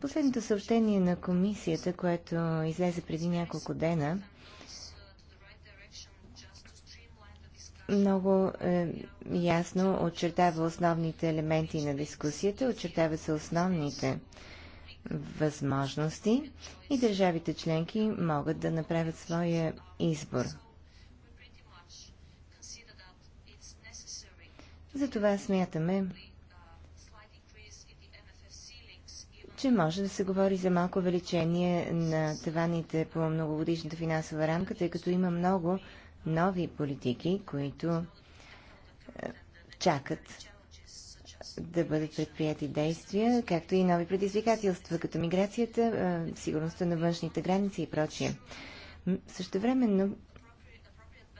Последното съобщение на комисията, което излезе преди няколко дена, много е, ясно очертава основните елементи на дискусията, очертава се основните възможности и държавите членки могат да направят своя избор. Затова смятаме, че може да се говори за малко увеличение на таваните по многогодишната финансова рамка, тъй като има много нови политики, които е, чакат да бъдат предприяти действия, както и нови предизвикателства, като миграцията, е, сигурността на външните граници и прочие. Също времено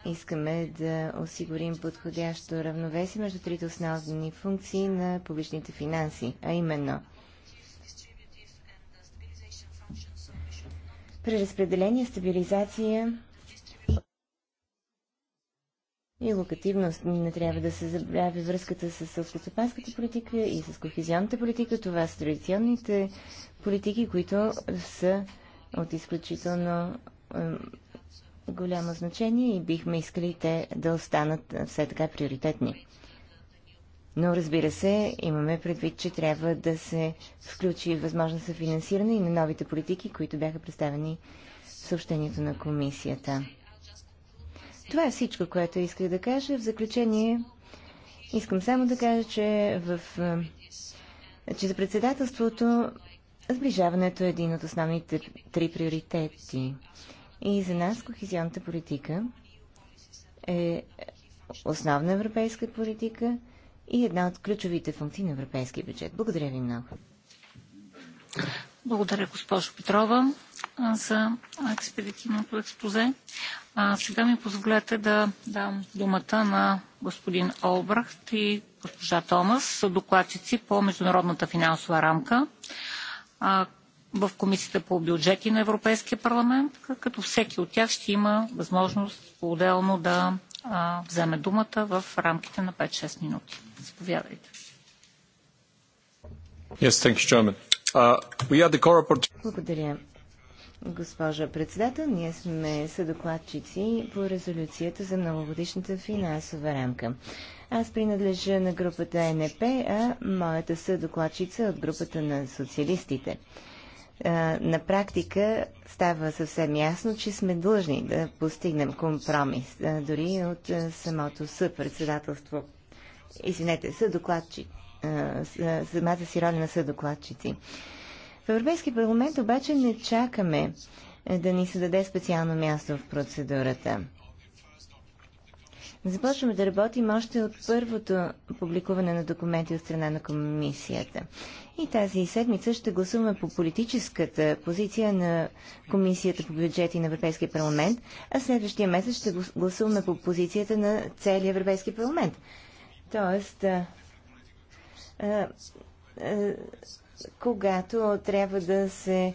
искаме да осигурим подходящо равновесие между трите основни функции на публичните финанси, а именно – преразпределение, стабилизация и локативност. Не трябва да се забравя връзката с сълскостопанската политика и с кохезионната политика. Това са традиционните политики, които са от изключително голямо значение и бихме искали те да останат е, все така приоритетни. Но разбира се, имаме предвид, че трябва да се включи възможност за финансиране и на новите политики, които бяха представени в съобщението на комисията. Това е всичко, което исках да кажа. В заключение искам само да кажа, че, в, е, че за председателството сближаването е един от основните три приоритети. И за нас кохезионната политика е основна европейска политика – и една от ключовите функции на европейския бюджет. Благодаря ви много. Благодаря, госпожо Петрова, за експедитивното експозе. А, сега ми позволете да дам думата на господин Олбрахт и госпожа Томас, са докладчици по международната финансова рамка а, в Комисията по бюджети на Европейския парламент, като всеки от тях ще има възможност по-отделно да вземе думата в рамките на 5-6 минути. Заповядайте. Yes, thank you, Chairman. Uh, we are the core Благодаря. Госпожа председател, ние сме съдокладчици по резолюцията за многогодишната финансова рамка. Аз принадлежа на групата НП, а моята съдокладчица е от групата на социалистите на практика става съвсем ясно, че сме длъжни да постигнем компромис, дори от самото съпредседателство. Извинете, съдокладчи. Самата си роля на съдокладчици. В Европейски парламент обаче не чакаме да ни се даде специално място в процедурата. Започваме да работим още от първото публикуване на документи от страна на комисията. И тази седмица ще гласуваме по политическата позиция на Комисията по бюджети на Европейския парламент, а следващия месец ще гласуваме по позицията на целия Европейски парламент. Тоест, а, а, а, когато трябва да се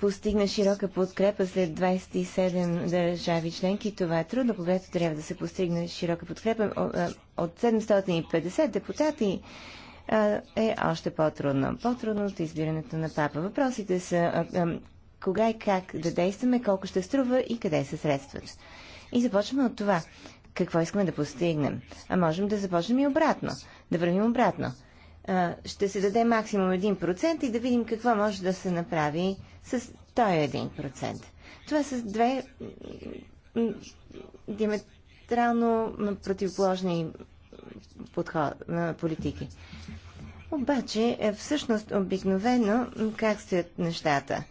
постигна широка подкрепа след 27 държави членки. Това е трудно, когато трябва да се постигне широка подкрепа от 750 депутати е още по-трудно. По-трудно от избирането на папа. Въпросите са кога и как да действаме, колко ще струва и къде са средствата. И започваме от това. Какво искаме да постигнем? А можем да започнем и обратно. Да вървим обратно ще се даде максимум 1% и да видим какво може да се направи с този 1%. Това са две диаметрално противоположни подход, политики. Обаче, е, всъщност, обикновено, как стоят нещата?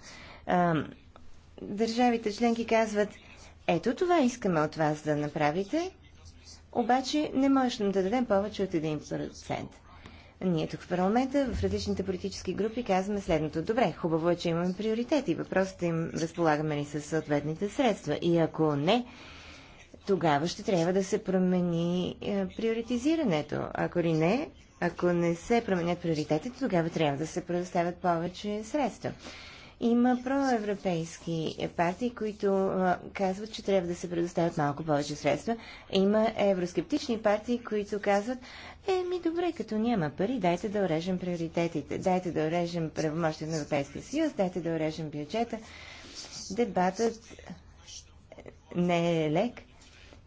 Държавите членки казват, ето това искаме от вас да направите, обаче не можем да дадем повече от 1%. Ние тук в парламента, в различните политически групи казваме следното. Добре, хубаво е, че имаме приоритети. Въпросът им разполагаме ли с съответните средства. И ако не, тогава ще трябва да се промени е, приоритизирането. Ако ли не, ако не се променят приоритетите, тогава трябва да се предоставят повече средства. Има проевропейски партии, които казват, че трябва да се предоставят малко повече средства. Има евроскептични партии, които казват, еми добре, като няма пари, дайте да орежем приоритетите, дайте да орежем правомощите на Европейския съюз, дайте да орежем бюджета. Дебатът не е лек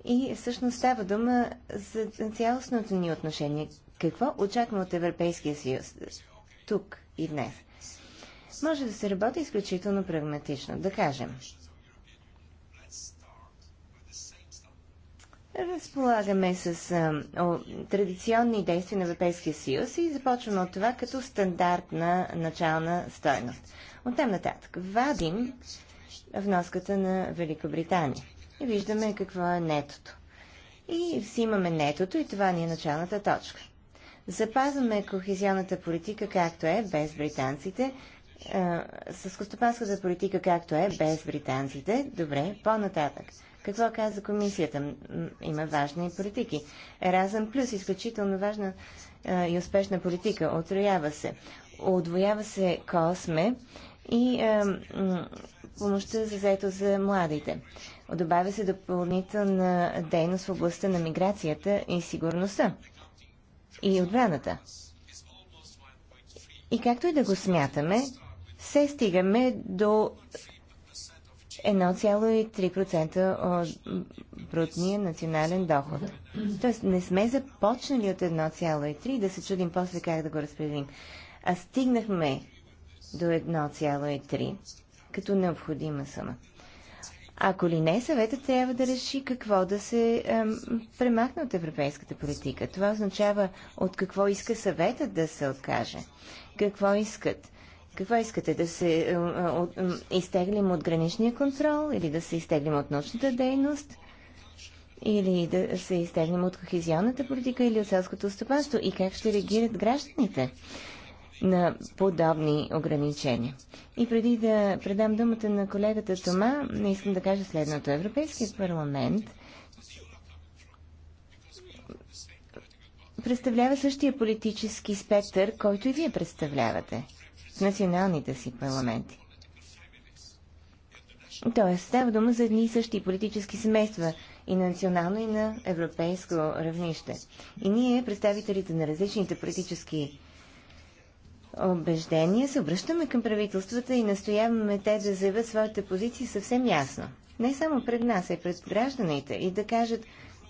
и всъщност става дума за цялостното ни отношение. Какво очакваме от Европейския съюз тук и днес? може да се работи изключително прагматично. Да кажем, разполагаме с а, о, традиционни действия на Европейския съюз и започваме от това като стандартна начална стойност. От там нататък вадим вноската на Великобритания и виждаме какво е нетото. И взимаме нетото и това ни е началната точка. Запазваме кохезионната политика както е, без британците, е, съскостопанската политика както е, без британците, добре, по-нататък. Какво каза комисията? Има важни политики. Еразъм плюс изключително важна а, е, и успешна политика. Отроява се. Отвоява се Косме и а, е, помощта за заето за младите. Добавя се допълнителна дейност в областта на миграцията и сигурността и отбраната. И както и да го смятаме, се стигаме до 1,3% от брутния национален доход. Тоест не сме започнали от 1,3% да се чудим после как да го разпределим, а стигнахме до 1,3% като необходима сума. Ако ли не, съветът трябва да реши какво да се ем, премахне от европейската политика. Това означава от какво иска съветът да се откаже. Какво искат какво искате? Да се е, е, изтеглим от граничния контрол или да се изтеглим от научната дейност? Или да се изтеглим от кохезионната политика или от селското стопанство? И как ще реагират гражданите на подобни ограничения? И преди да предам думата на колегата Тома, не искам да кажа следното. Европейският парламент представлява същия политически спектър, който и вие представлявате в националните си парламенти. Тоест, става дума за едни и същи политически семейства и на национално, и на европейско равнище. И ние, представителите на различните политически убеждения, се обръщаме към правителствата и настояваме те да заявят своите позиции съвсем ясно. Не само пред нас, а и пред гражданите и да кажат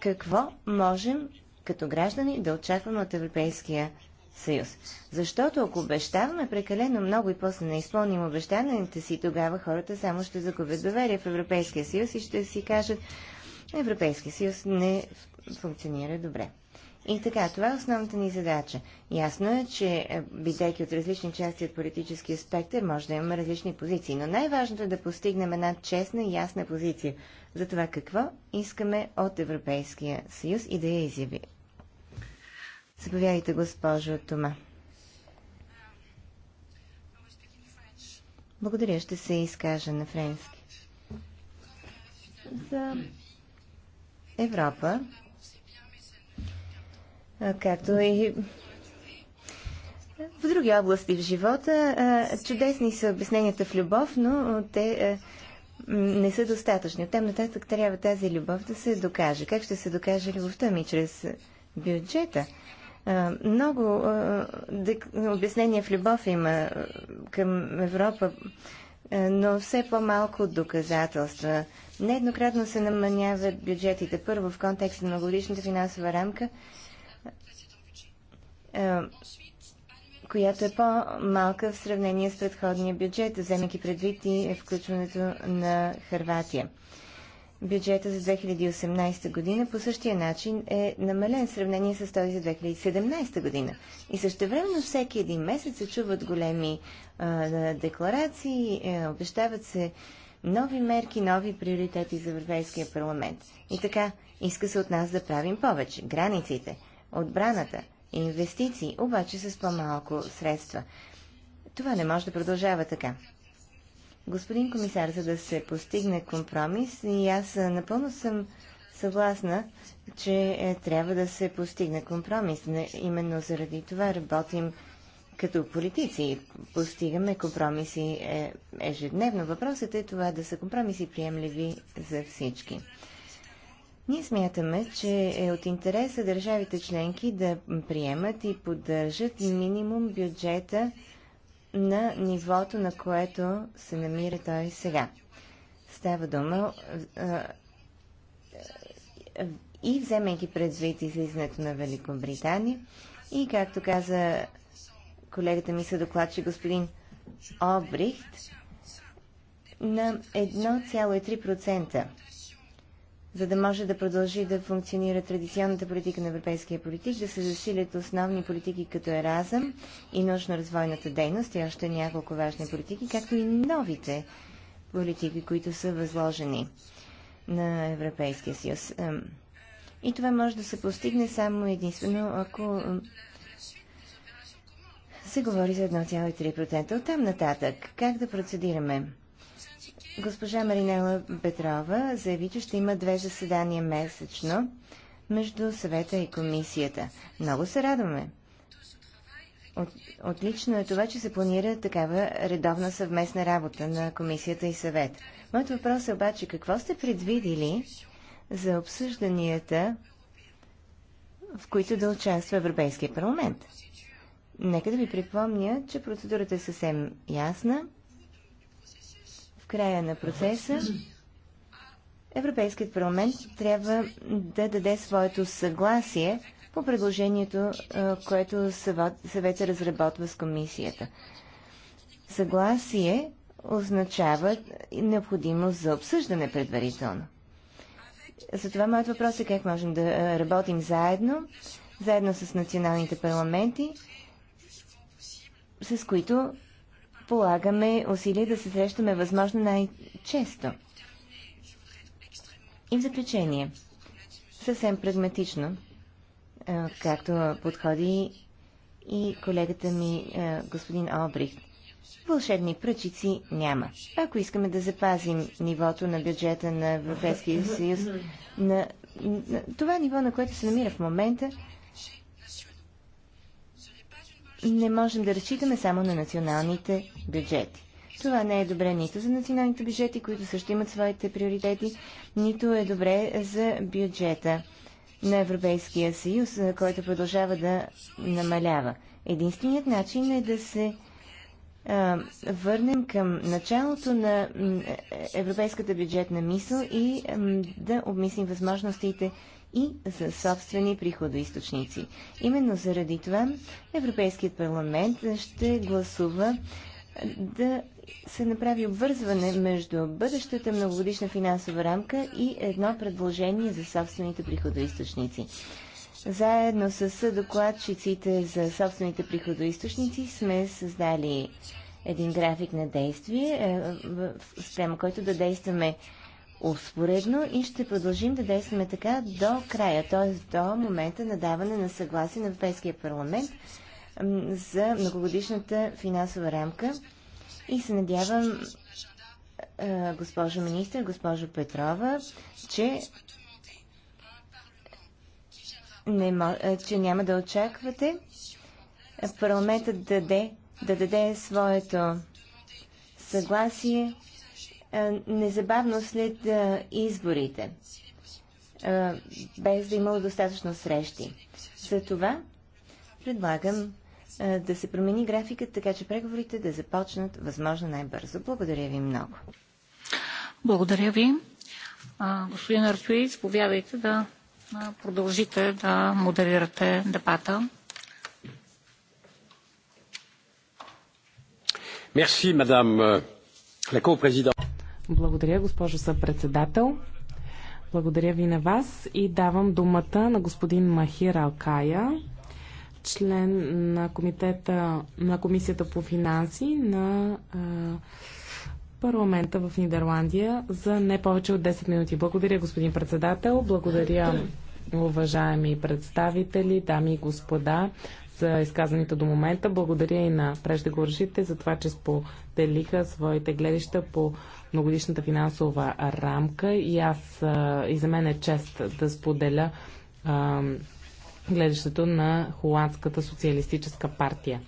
какво можем като граждани да очакваме от Европейския съюз. Защото ако обещаваме прекалено много и после не изпълним обещаните си, тогава хората само ще загубят доверие в Европейския съюз и ще си кажат, Европейския съюз не функционира добре. И така, това е основната ни задача. Ясно е, че е, бидейки от различни части от политическия спектър, може да имаме различни позиции, но най-важното е да постигнем една честна и ясна позиция за това какво искаме от Европейския съюз и да я изяви, Заповядайте, госпожо Тома. Благодаря, ще се изкажа на френски. За Европа, както и в други области в живота, чудесни са обясненията в любов, но те не са достатъчни. Оттам нататък трябва тази любов да се докаже. Как ще се докаже любовта ми? Чрез бюджета. Много обяснения в любов има към Европа, но все по-малко доказателства. Нееднократно се наманяват бюджетите. Първо в контекста на многогодишната финансова рамка, която е по-малка в сравнение с предходния бюджет, вземайки предвид и включването на Харватия бюджета за 2018 година по същия начин е намален в сравнение с този за 2017 година. И също времено всеки един месец се чуват големи а, декларации, а, е, обещават се нови мерки, нови приоритети за Европейския парламент. И така, иска се от нас да правим повече. Границите, отбраната, инвестиции, обаче с по-малко средства. Това не може да продължава така. Господин комисар, за да се постигне компромис, и аз напълно съм съгласна, че е, трябва да се постигне компромис. Именно заради това работим като политици. Постигаме компромиси е, ежедневно. Въпросът е това да са компромиси приемливи за всички. Ние смятаме, че е от интереса държавите членки да приемат и поддържат минимум бюджета на нивото, на което се намира той сега. Става дума и вземайки предвид излизането на Великобритания и, както каза колегата ми се докладчи господин Обрихт, на за да може да продължи да функционира традиционната политика на европейския политик, да се засилят основни политики като еразъм и научно-развойната дейност и още няколко важни политики, както и новите политики, които са възложени на Европейския съюз. И това може да се постигне само единствено, ако се говори за 1,3%. Оттам нататък, как да процедираме? Госпожа Маринела Петрова заяви, че ще има две заседания месечно между съвета и комисията. Много се радваме. От, отлично е това, че се планира такава редовна съвместна работа на комисията и съвет. Моят въпрос е обаче, какво сте предвидили за обсъжданията, в които да участва Европейския парламент? Нека да ви припомня, че процедурата е съвсем ясна в края на процеса Европейският парламент трябва да даде своето съгласие по предложението, което съвета разработва с комисията. Съгласие означава необходимост за обсъждане предварително. Затова моят въпрос е как можем да работим заедно, заедно с националните парламенти, с които полагаме усилия да се срещаме възможно най-често. И в заключение, съвсем прагматично, както подходи и колегата ми, господин Обрихт. Вълшебни пръчици няма. Ако искаме да запазим нивото на бюджета на Европейския съюз, на, на това ниво, на което се намира в момента, не можем да разчитаме само на националните бюджети. Това не е добре нито за националните бюджети, които също имат своите приоритети, нито е добре за бюджета на Европейския съюз, който продължава да намалява. Единственият начин е да се а, върнем към началото на е, европейската бюджетна мисъл и а, да обмислим възможностите и за собствени приходоисточници. Именно заради това Европейският парламент ще гласува е, да се направи обвързване между бъдещата многогодишна финансова рамка и едно предложение за собствените приходоисточници. Заедно с докладчиците за собствените приходоисточници сме създали един график на действие, е, спрямо който да действаме успоредно и ще продължим да действаме така до края, т.е. до момента на даване на съгласие на Европейския парламент за многогодишната финансова рамка и се надявам, госпожо министр, госпожо Петрова, че не, че няма да очаквате парламентът да даде, да даде своето съгласие е, незабавно след е, изборите, е, без да имало достатъчно срещи. За това предлагам да се промени графикът, така че преговорите да започнат възможно най-бързо. Благодаря ви много. Благодаря ви. Господин Артуи, заповядайте да продължите да модерирате дебата. Мерси, мадам euh, la президент благодаря, госпожо съпредседател. Благодаря ви на вас и давам думата на господин Махир Алкая, член на, комитета, на Комисията по финанси на парламента в Нидерландия за не повече от 10 минути. Благодаря, господин председател. Благодаря, уважаеми представители, дами и господа за изказаните до момента. Благодаря и на преждеговорите за това, че споделиха своите гледища по многодишната финансова рамка и аз и за мен е чест да споделя гледащето на Холандската социалистическа партия.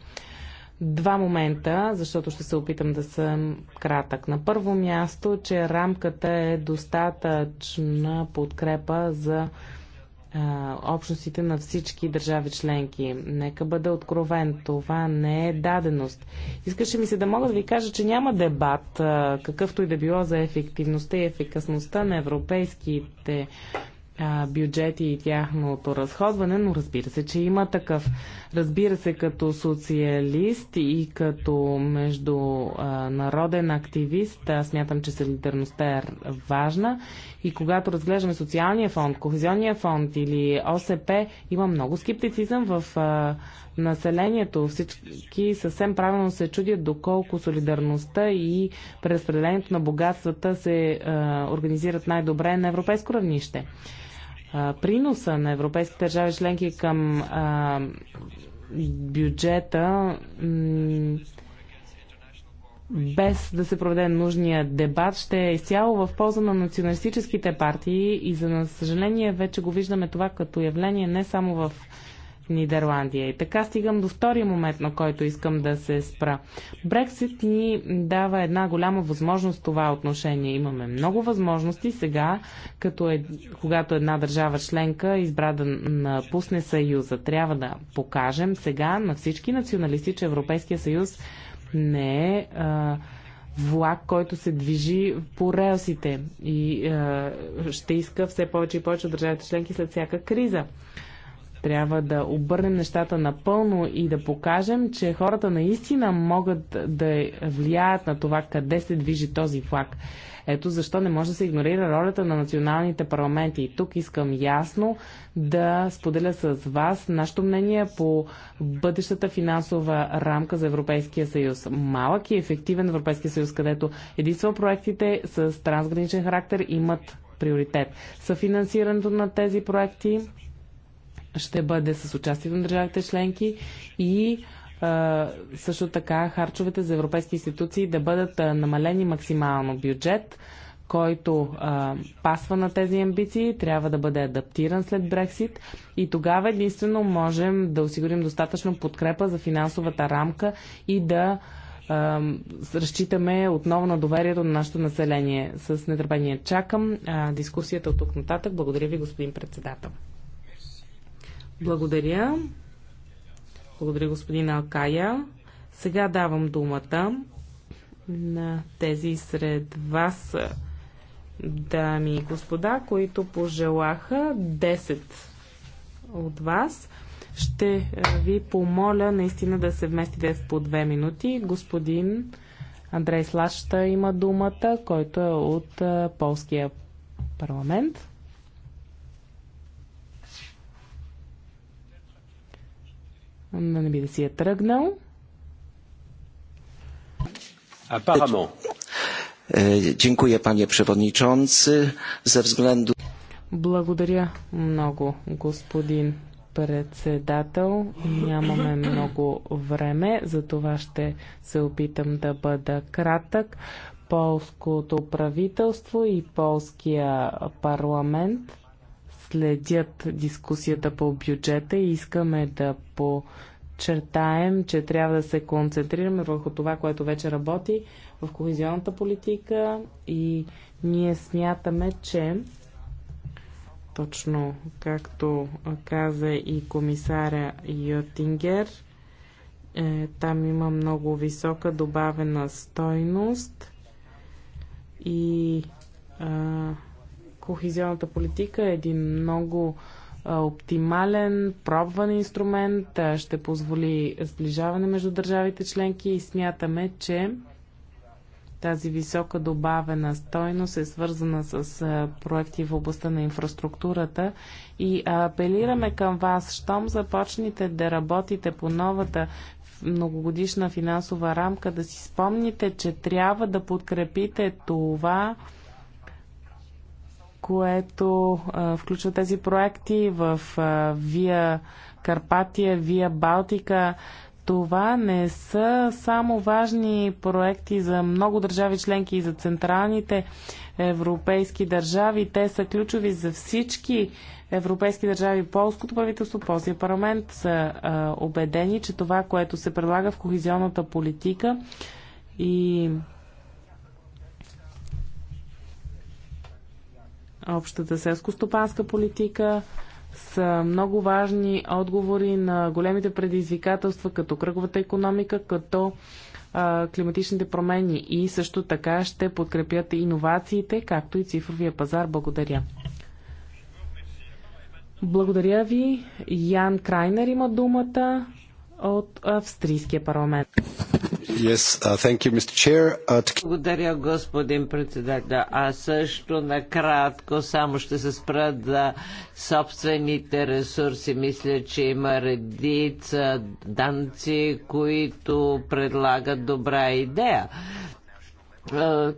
Два момента, защото ще се опитам да съм кратък. На първо място, че рамката е достатъчна подкрепа за общностите на всички държави членки. Нека бъда откровен, това не е даденост. Искаше ми се да мога да ви кажа, че няма дебат, какъвто и да било за ефективността и ефикасността на европейските бюджети и тяхното разходване, но разбира се, че има такъв. Разбира се, като социалист и като международен активист, аз смятам, че солидарността е важна. И когато разглеждаме социалния фонд, кохезионния фонд или ОСП, има много скептицизъм в населението. Всички съвсем правилно се чудят доколко солидарността и преразпределението на богатствата се организират най-добре на европейско равнище приноса на европейските държави членки към а, бюджета без да се проведе нужния дебат, ще е изцяло в полза на националистическите партии и за съжаление вече го виждаме това като явление не само в Нидерландия. И така стигам до втория момент, на който искам да се спра. Брексит ни дава една голяма възможност в това отношение. Имаме много възможности сега, като е, когато една държава членка избра да напусне Съюза. Трябва да покажем сега на всички националисти, че Европейския съюз не е влак, който се движи по релсите и е, ще иска все повече и повече от държавите членки след всяка криза. Трябва да обърнем нещата напълно и да покажем, че хората наистина могат да влияят на това къде се движи този флаг. Ето защо не може да се игнорира ролята на националните парламенти. И тук искам ясно да споделя с вас нашето мнение по бъдещата финансова рамка за Европейския съюз. Малък и ефективен Европейския съюз, където единствено проектите с трансграничен характер имат приоритет. Съфинансирането на тези проекти ще бъде с участие на държавите членки и също така харчовете за европейски институции да бъдат намалени максимално бюджет, който а, пасва на тези амбиции, трябва да бъде адаптиран след Брексит и тогава единствено можем да осигурим достатъчно подкрепа за финансовата рамка и да а, разчитаме отново на доверието на нашето население. С нетърпение чакам а, дискусията от тук нататък. Благодаря ви, господин председател. Благодаря. Благодаря, господин Алкая. Сега давам думата на тези сред вас, дами и господа, които пожелаха 10 от вас. Ще е, ви помоля наистина да се вместите в по 2 минути. Господин Андрей Слаща има думата, който е от е, Полския парламент. Не, не би да си е тръгнал. Апарамо. Е, Dziękuję panie przewodniczący ze względu Благодаря много, господин председател. Нямаме много време, за това ще се опитам да бъда кратък. Полското правителство и полския парламент следят дискусията по бюджета и искаме да почертаем, че трябва да се концентрираме върху това, което вече работи в кохезионната политика и ние смятаме, че точно както каза и комисаря Йотингер, е, там има много висока добавена стойност и а, Кохизионната политика е един много оптимален, пробван инструмент, ще позволи сближаване между държавите членки и смятаме, че тази висока добавена стойност е свързана с проекти в областта на инфраструктурата и апелираме към вас, щом започнете да работите по новата многогодишна финансова рамка, да си спомните, че трябва да подкрепите това, което а, включва тези проекти в а, Вия Карпатия, Вия Балтика. Това не са само важни проекти за много държави членки и за централните европейски държави. Те са ключови за всички европейски държави. Полското правителство, Полския парламент са а, убедени, че това, което се предлага в кохизионната политика и общата селско-стопанска политика са много важни отговори на големите предизвикателства, като кръговата економика, като а, климатичните промени и също така ще подкрепят иновациите, както и цифровия пазар. Благодаря. Благодаря ви. Ян Крайнер има думата от австрийския парламент. Yes, uh, thank you, Mr. Chair. Uh, Благодаря, господин председател. а също накратко само ще се спра да собствените ресурси. Мисля, че има редица данци, които предлагат добра идея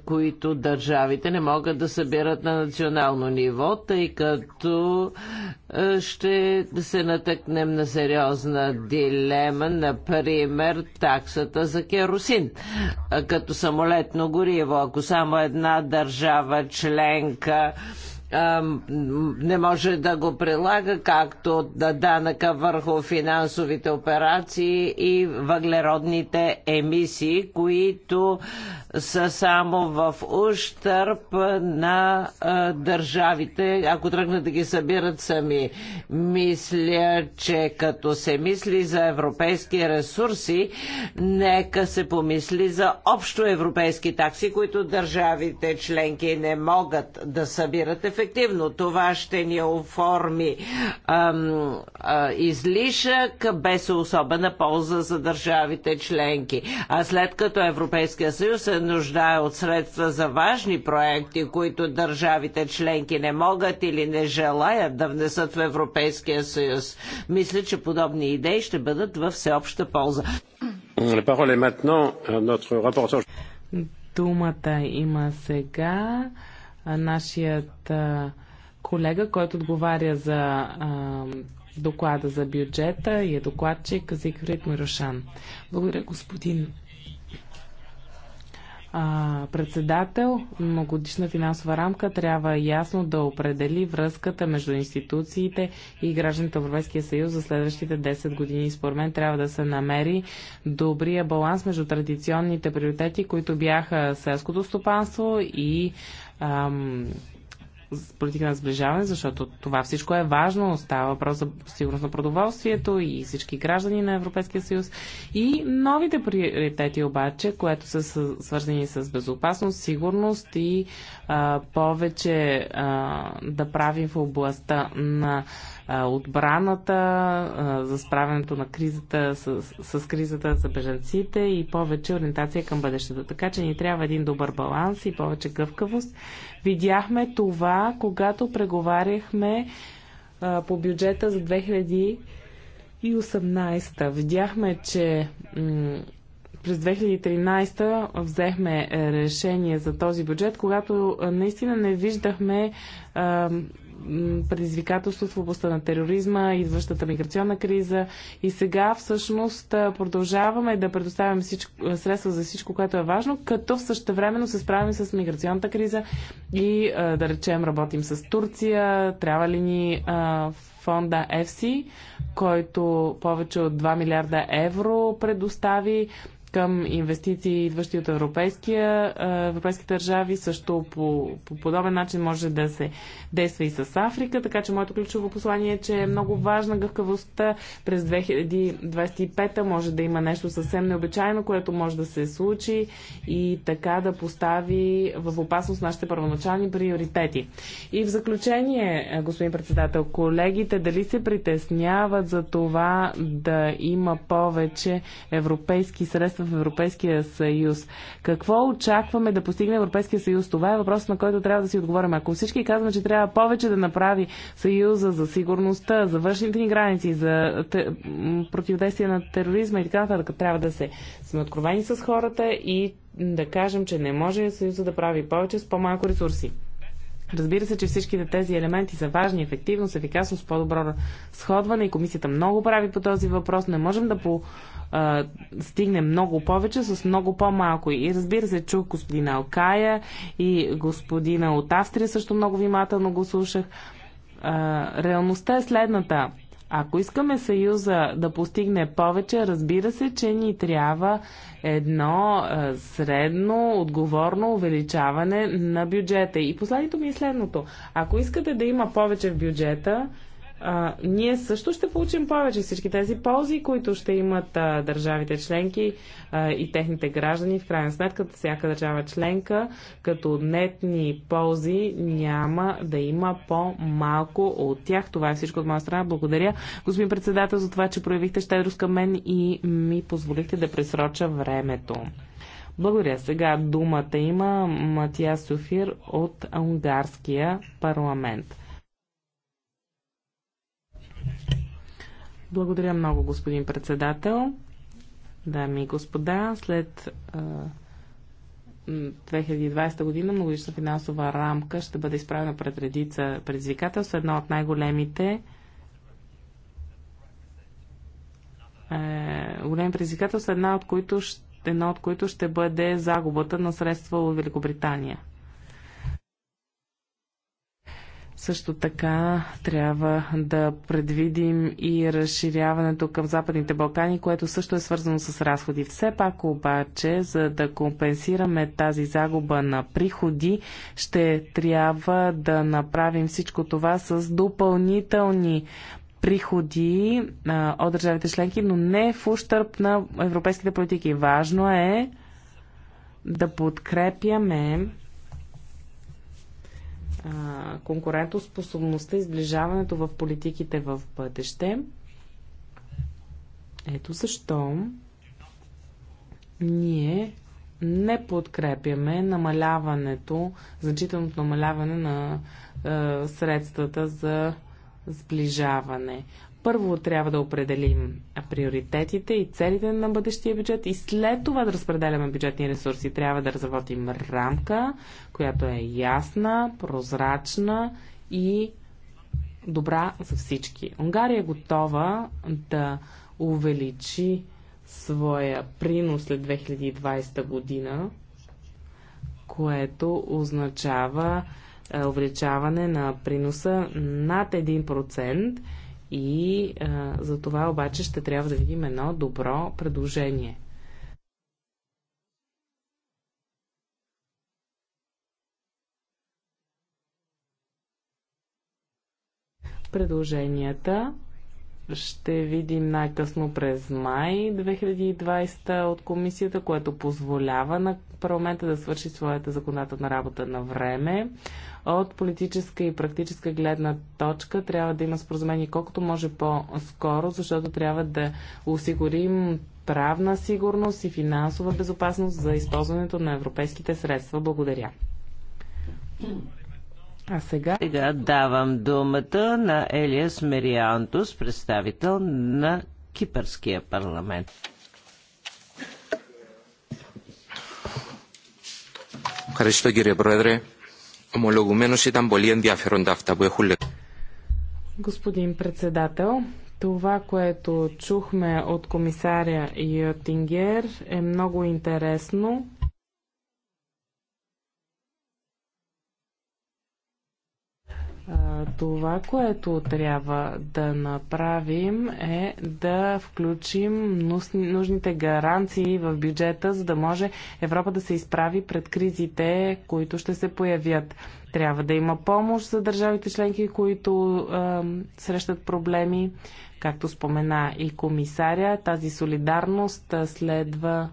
които държавите не могат да събират на национално ниво, тъй като ще се натъкнем на сериозна дилема, например таксата за керосин, като самолетно гориво. Ако само една държава членка не може да го прилага, както да данъка върху финансовите операции и въглеродните емисии, които са само в ущърп на държавите, ако тръгнат да ги събират сами. Мисля, че като се мисли за европейски ресурси, нека се помисли за общо европейски такси, които държавите членки не могат да събират ефективно ефективно. Това ще ни оформи ам, а, излишък без особена полза за държавите членки. А след като Европейския съюз се нуждае от средства за важни проекти, които държавите членки не могат или не желаят да внесат в Европейския съюз, мисля, че подобни идеи ще бъдат във всеобща полза. Думата има сега нашият колега, който отговаря за доклада за бюджета и е докладчик Зигфрид Мирошан. Благодаря, господин председател. Многодишна финансова рамка трябва ясно да определи връзката между институциите и гражданите в Европейския съюз за следващите 10 години. Според мен трябва да се намери добрия баланс между традиционните приоритети, които бяха селското стопанство и ам, политика на сближаване, защото това всичко е важно. Става въпрос за сигурност на продоволствието и всички граждани на Европейския съюз. И новите приоритети обаче, което са свързани с безопасност, сигурност и а, повече а, да правим в областта на отбраната, за справянето на кризата, с, с кризата за бежанците и повече ориентация към бъдещето. Така че ни трябва един добър баланс и повече гъвкавост. Видяхме това, когато преговаряхме по бюджета за 2018. Видяхме, че през 2013 взехме е, решение за този бюджет, когато наистина не виждахме предизвикателство в областта на тероризма, идващата миграционна криза. И сега всъщност продължаваме да предоставяме средства за всичко, което е важно, като в същевременно се справим с миграционната криза и да речем работим с Турция, трябва ли ни фонда EFSI, който повече от 2 милиарда евро предостави към инвестиции, идващи от европейския, европейските държави. Също по, по подобен начин може да се действа и с Африка. Така че моето ключово послание е, че е много важна гъвкавостта. През 2025 може да има нещо съвсем необичайно, което може да се случи и така да постави в опасност нашите първоначални приоритети. И в заключение, господин председател, колегите дали се притесняват за това да има повече европейски средства в Европейския съюз. Какво очакваме да постигне Европейския съюз? Това е въпрос, на който трябва да си отговорим. Ако всички казваме, че трябва повече да направи съюза за сигурността, за външните ни граници, за противодействие на тероризма и така нататък, трябва да се сме откровени с хората и да кажем, че не може съюза да прави повече с по-малко ресурси. Разбира се, че всичките тези елементи са важни, ефективност, ефикасност, по-добро сходване и комисията много прави по този въпрос. Не можем да по, стигне много повече с много по-малко. И разбира се, чух господина Алкая и господина от Австрия също много внимателно го слушах. реалността е следната. Ако искаме Съюза да постигне повече, разбира се, че ни трябва едно е, средно, отговорно увеличаване на бюджета. И последното ми е следното. Ако искате да има повече в бюджета, а, ние също ще получим повече всички тези ползи, които ще имат а, държавите членки а, и техните граждани. В крайна сметка, всяка държава членка, като нетни ползи, няма да има по-малко от тях. Това е всичко от моя страна. Благодаря, господин председател, за това, че проявихте щедрост към мен и ми позволихте да пресроча времето. Благодаря. Сега думата има Матия Софир от Унгарския парламент. Благодаря много, господин председател. Дами и господа, след 2020 година многогодишна финансова рамка ще бъде изправена пред редица предизвикателства. Едно от най-големите е, големи предизвикателства, една от които, едно от които ще бъде загубата на средства от Великобритания – Също така трябва да предвидим и разширяването към Западните Балкани, което също е свързано с разходи. Все пак обаче, за да компенсираме тази загуба на приходи, ще трябва да направим всичко това с допълнителни приходи а, от държавите членки, но не в ущърп на европейските политики. Важно е да подкрепяме конкурентоспособността и сближаването в политиките в бъдеще. Ето защо ние не подкрепяме намаляването, значителното намаляване на средствата за сближаване. Първо трябва да определим приоритетите и целите на бъдещия бюджет и след това да разпределяме бюджетни ресурси. Трябва да разработим рамка, която е ясна, прозрачна и добра за всички. Унгария е готова да увеличи своя принос след 2020 година, което означава е, увеличаване на приноса над 1% и а, за това обаче ще трябва да видим едно добро предложение. Предложенията ще видим най-късно през май 2020 от комисията, което позволява на парламента да свърши своята законодателна работа на време. От политическа и практическа гледна точка трябва да има споразумение колкото може по-скоро, защото трябва да осигурим правна сигурност и финансова безопасност за използването на европейските средства. Благодаря. А сега... сега давам думата на Елиас Мериантус, представител на Кипърския парламент. Ευχαριστώ κύριε Πρόεδρε. ήταν πολύ ενδιαφέροντα αυτά που έχουν Господин председател, това, което чухме от комисаря Йотингер е много интересно Това, което трябва да направим е да включим нужните гаранции в бюджета, за да може Европа да се изправи пред кризите, които ще се появят. Трябва да има помощ за държавите членки, които е, срещат проблеми. Както спомена и комисаря, тази солидарност следва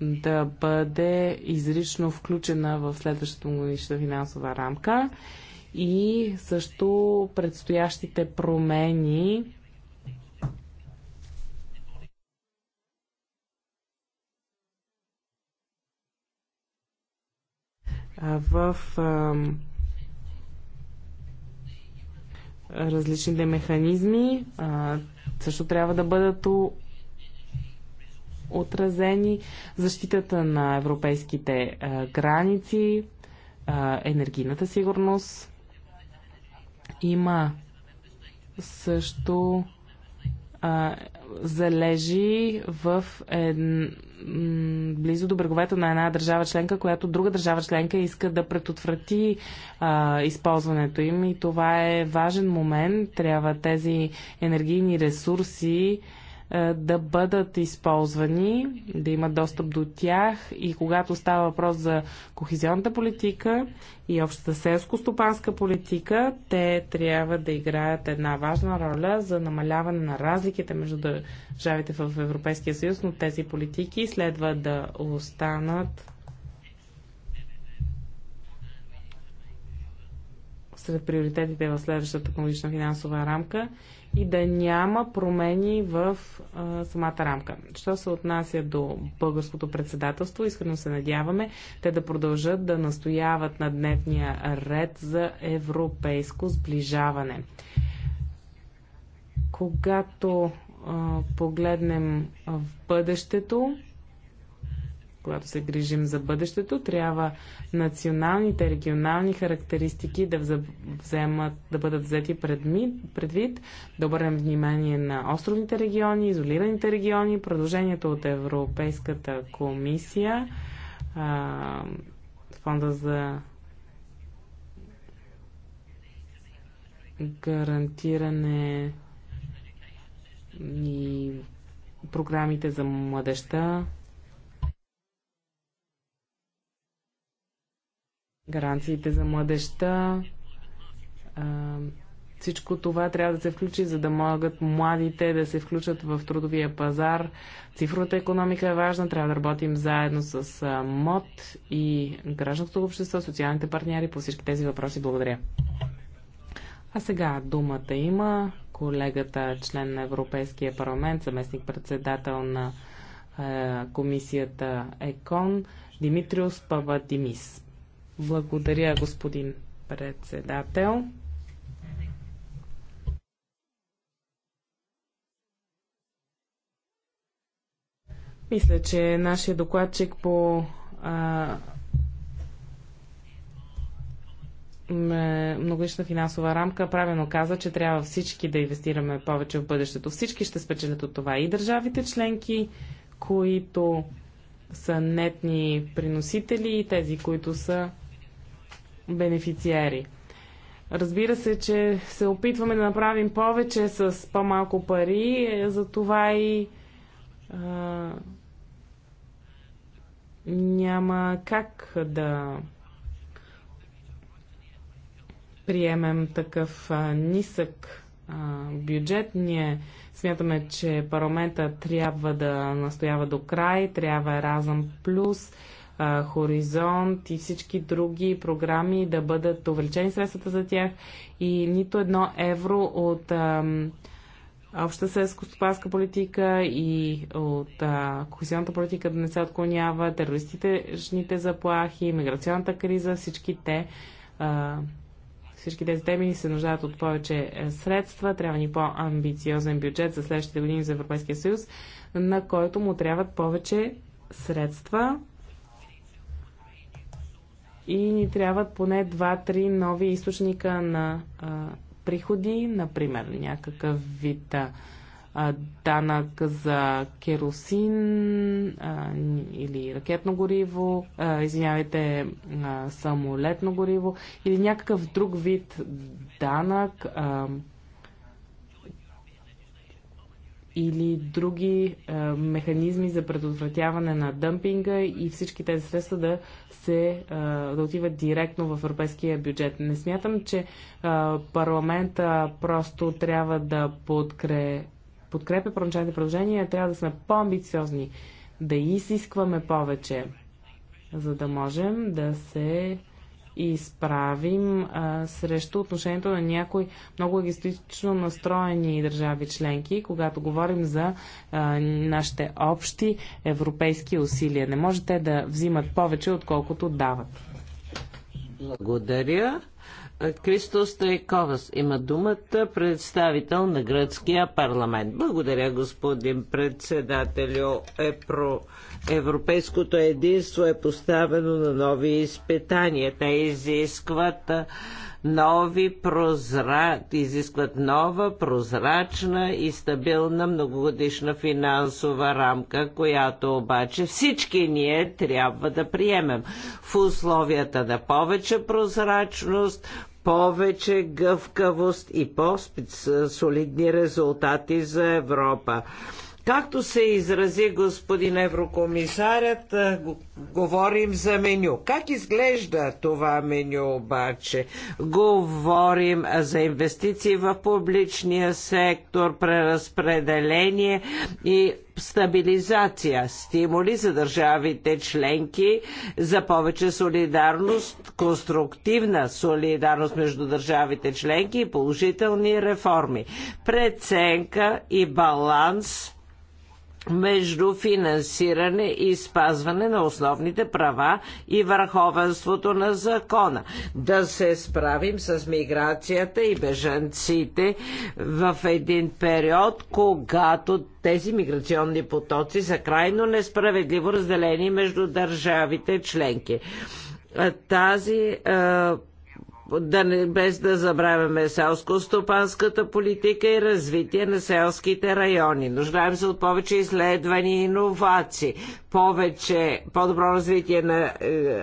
да бъде изрично включена в следващата му финансова рамка и също предстоящите промени в различните механизми а, също трябва да бъдат отразени защитата на европейските а, граници, а, енергийната сигурност. Има също а, залежи в ед... близо до бреговете на една държава членка, която друга държава членка иска да предотврати а, използването им. И това е важен момент. Трябва тези енергийни ресурси е, да бъдат използвани, да имат достъп до тях и когато става въпрос за кохезионната политика и общата селско-стопанска политика, те трябва да играят една важна роля за намаляване на разликите между държавите в Европейския съюз, но тези политики следва да останат сред приоритетите в следващата комунична финансова рамка и да няма промени в а, самата рамка. Що се отнася до българското председателство, искрено се надяваме те да продължат да настояват на дневния ред за европейско сближаване. Когато а, погледнем в бъдещето, когато се грижим за бъдещето, трябва националните, регионални характеристики да, вземат, да бъдат взети предвид, да обърнем внимание на островните региони, изолираните региони, продължението от Европейската комисия, фонда за гарантиране и програмите за младеща, гаранциите за младеща. Всичко това трябва да се включи, за да могат младите да се включат в трудовия пазар. Цифровата економика е важна, трябва да работим заедно с МОД и гражданското общество, социалните партньори по всички тези въпроси. Благодаря. А сега думата има колегата, член на Европейския парламент, заместник председател на е, комисията ЕКОН, Димитриус Павадимис. Благодаря, господин председател. Мисля, че нашия докладчик по а, финансова рамка правилно каза, че трябва всички да инвестираме повече в бъдещето. Всички ще спечелят от това. И държавите членки, които са нетни приносители, и тези, които са бенефициери. Разбира се, че се опитваме да направим повече с по-малко пари, е, затова и а, няма как да приемем такъв а, нисък а, бюджет. Ние смятаме, че парламента трябва да настоява до край, трябва разъм Плюс, Хоризонт и всички други програми да бъдат увеличени средствата за тях и нито едно евро от а, обща селско-стопанска политика и от а, кохезионната политика да не се отклонява, терористичните заплахи, миграционната криза, всички те а, всички тези теми се нуждаят от повече е, средства, трябва ни по-амбициозен бюджет за следващите години за Европейския съюз, на който му трябват повече средства и ни трябват поне 2-3 нови източника на а, приходи, например някакъв вид а, данък за керосин а, или ракетно гориво, а, извинявайте, а, самолетно гориво или някакъв друг вид данък. А, или други е, механизми за предотвратяване на дъмпинга и всички тези средства да се е, да отиват директно в европейския бюджет. Не смятам, че е, парламента просто трябва да подкре, подкрепя първоначалните предложения, трябва да сме по-амбициозни, да изискваме повече, за да можем да се изправим а, срещу отношението на някои много егистично настроени държави членки, когато говорим за а, нашите общи европейски усилия. Не можете да взимат повече, отколкото дават. Благодаря. Кристос Стайковас има думата, представител на гръцкия парламент. Благодаря, господин председателю. Епро. Европейското единство е поставено на нови изпитания. Те изискват нови прозра... изискват нова, прозрачна и стабилна многогодишна финансова рамка, която обаче всички ние трябва да приемем. В условията на повече прозрачност, повече гъвкавост и по-солидни резултати за Европа. Както се изрази господин еврокомисарят, говорим за меню. Как изглежда това меню обаче? Говорим за инвестиции в публичния сектор, преразпределение и стабилизация, стимули за държавите членки за повече солидарност, конструктивна солидарност между държавите членки и положителни реформи, преценка и баланс между финансиране и спазване на основните права и върховенството на закона. Да се справим с миграцията и бежанците в един период, когато тези миграционни потоци са крайно несправедливо разделени между държавите членки. Тази е, да не, без да забравяме селско-стопанската политика и развитие на селските райони. Нуждаем се от повече изследвания и иновации, повече, по-добро развитие на е, е,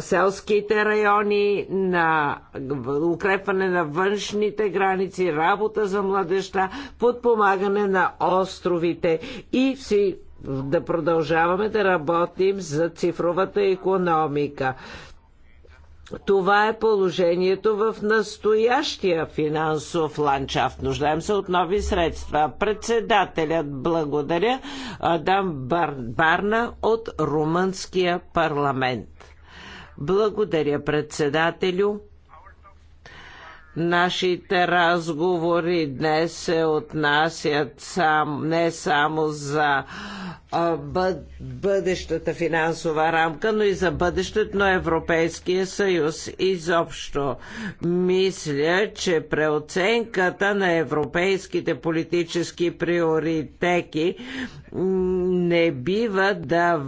селските райони, на укрепване на външните граници, работа за младеща, подпомагане на островите и си да продължаваме да работим за цифровата економика. Това е положението в настоящия финансов ландшафт. Нуждаем се от нови средства. Председателят благодаря Адам Бар, Барна от Румънския парламент. Благодаря председателю. Нашите разговори днес се отнасят сам, не само за а, бъд, бъдещата финансова рамка, но и за бъдещето на Европейския съюз изобщо. Мисля, че преоценката на европейските политически приоритети не бива да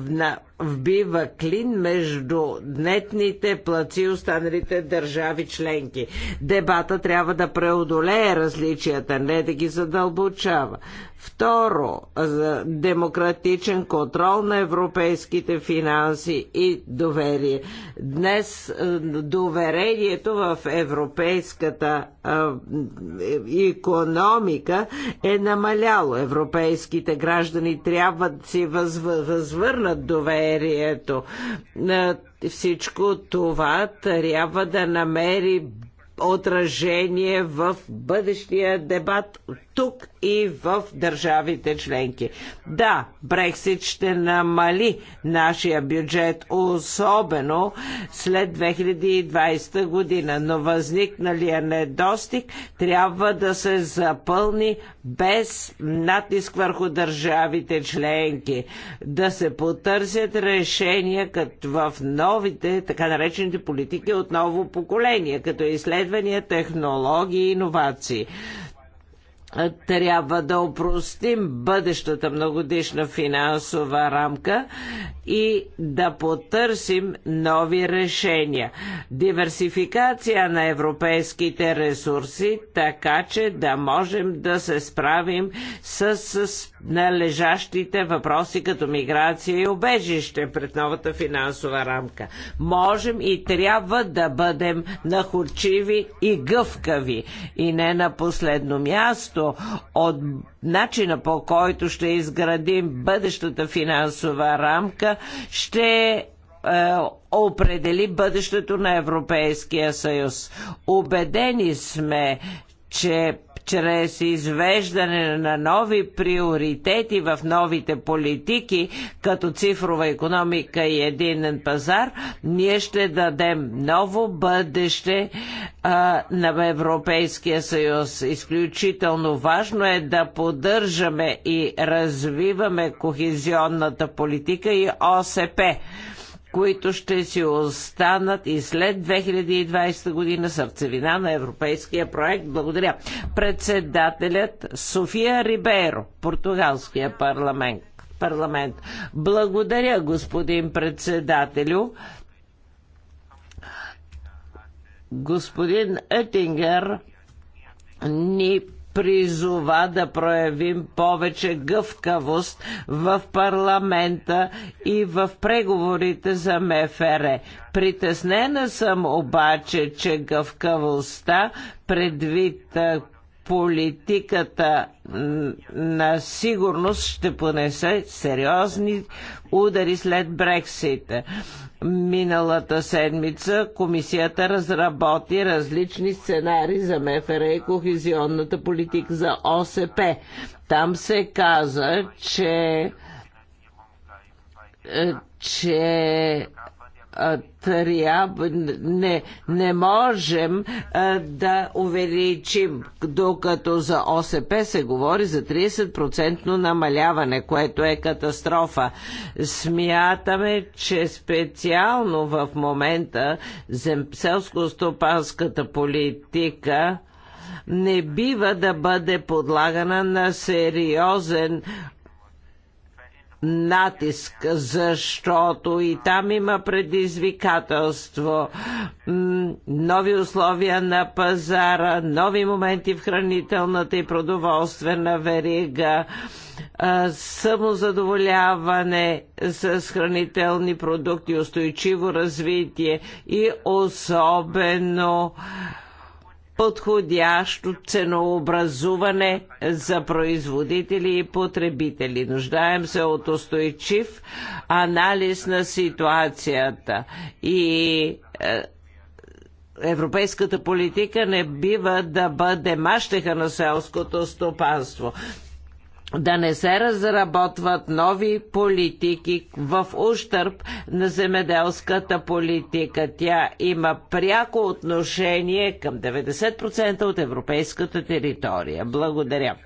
вбива клин между днетните плаци и останалите държави членки. Дебата трябва да преодолее различията, не да ги задълбочава. Второ, за демократичен контрол на европейските финанси и доверие. Днес е, доверението в европейската економика е, е намаляло. Европейските граждани трябва да си възвърнат доверието. Е, всичко това трябва да намери отражение в бъдещия дебат тук и в държавите членки. Да, Брексит ще намали нашия бюджет, особено след 2020 година, но възникналия недостиг трябва да се запълни без натиск върху държавите членки, да се потърсят решения като в новите, така наречените политики от ново поколение, като изследвания, технологии и иновации трябва да опростим бъдещата многодишна финансова рамка и да потърсим нови решения. Диверсификация на европейските ресурси, така че да можем да се справим с на лежащите въпроси като миграция и обежище пред новата финансова рамка. Можем и трябва да бъдем нахорчиви и гъвкави. И не на последно място от начина по който ще изградим бъдещата финансова рамка ще е, определи бъдещето на Европейския съюз. Убедени сме, че чрез извеждане на нови приоритети в новите политики, като цифрова економика и единен пазар, ние ще дадем ново бъдеще а, на Европейския съюз. Изключително важно е да поддържаме и развиваме кохезионната политика и ОСП които ще си останат и след 2020 година сърцевина на европейския проект. Благодаря. Председателят София Рибейро, португалския парламент. парламент. Благодаря, господин председателю. Господин Етингер ни призова да проявим повече гъвкавост в парламента и в преговорите за МФР. Притеснена съм обаче, че гъвкавостта предвид политиката на сигурност ще понесе сериозни удари след Брексита. Миналата седмица комисията разработи различни сценари за МФР и кохезионната политика за ОСП. Там се каза, че е, че трябва, не, не можем да увеличим, докато за ОСП се говори за 30% намаляване, което е катастрофа. Смятаме, че специално в момента селско-стопанската политика не бива да бъде подлагана на сериозен натиск, защото и там има предизвикателство, нови условия на пазара, нови моменти в хранителната и продоволствена верига, самозадоволяване с хранителни продукти, устойчиво развитие и особено подходящо ценообразуване за производители и потребители. Нуждаем се от устойчив анализ на ситуацията и е, европейската политика не бива да бъде мащеха на селското стопанство да не се разработват нови политики в ущърп на земеделската политика. Тя има пряко отношение към 90% от европейската територия. Благодаря.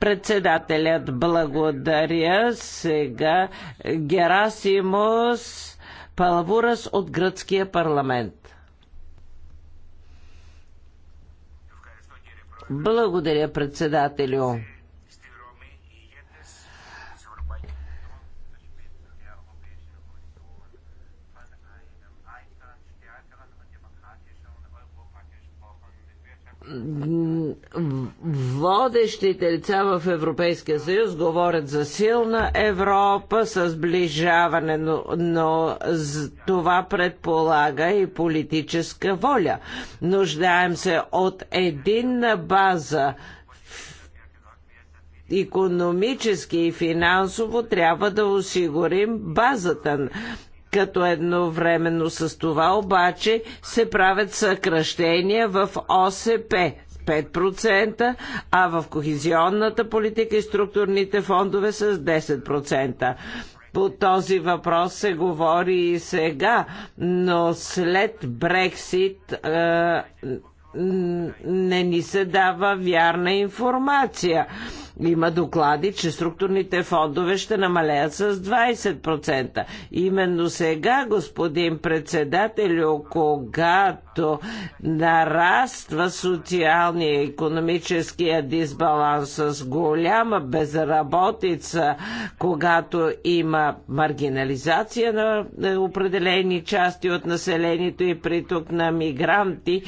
Председателят благодаря сега Герасимус Палавурас от гръцкия парламент. Благодаря, председателю. водещите лица в Европейския съюз говорят за силна Европа с сближаване, но, но това предполага и политическа воля. Нуждаем се от единна база економически и финансово трябва да осигурим базата като едновременно с това обаче се правят съкръщения в ОСП. 5%, а в кохезионната политика и структурните фондове с 10%. По този въпрос се говори и сега, но след Брексит е, не ни се дава вярна информация. Има доклади, че структурните фондове ще намалеят с 20%. Именно сега, господин председателю, когато нараства социалния и економическия дисбаланс с голяма безработица, когато има маргинализация на определени части от населението и приток на мигранти,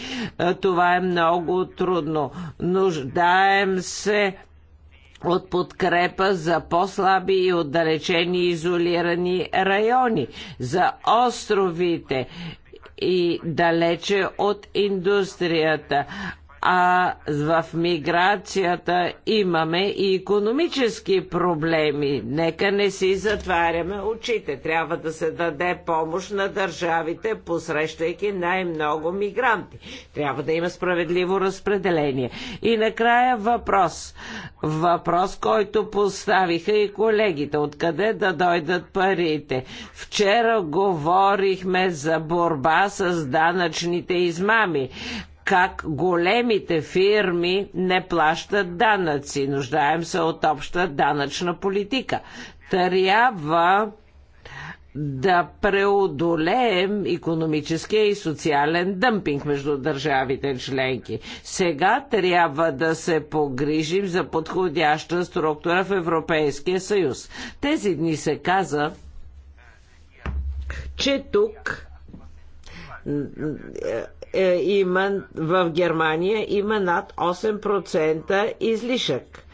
това е много трудно. Нуждаем се от подкрепа за по-слаби и отдалечени изолирани райони, за островите и далече от индустрията а в миграцията имаме и економически проблеми. Нека не си затваряме очите. Трябва да се даде помощ на държавите, посрещайки най-много мигранти. Трябва да има справедливо разпределение. И накрая въпрос. Въпрос, който поставиха и колегите. Откъде да дойдат парите? Вчера говорихме за борба с данъчните измами как големите фирми не плащат данъци. Нуждаем се от обща данъчна политика. Трябва да преодолеем економическия и социален дъмпинг между държавите членки. Сега трябва да се погрижим за подходяща структура в Европейския съюз. Тези дни се каза, че тук е, има, в Германия има над 8% излишък.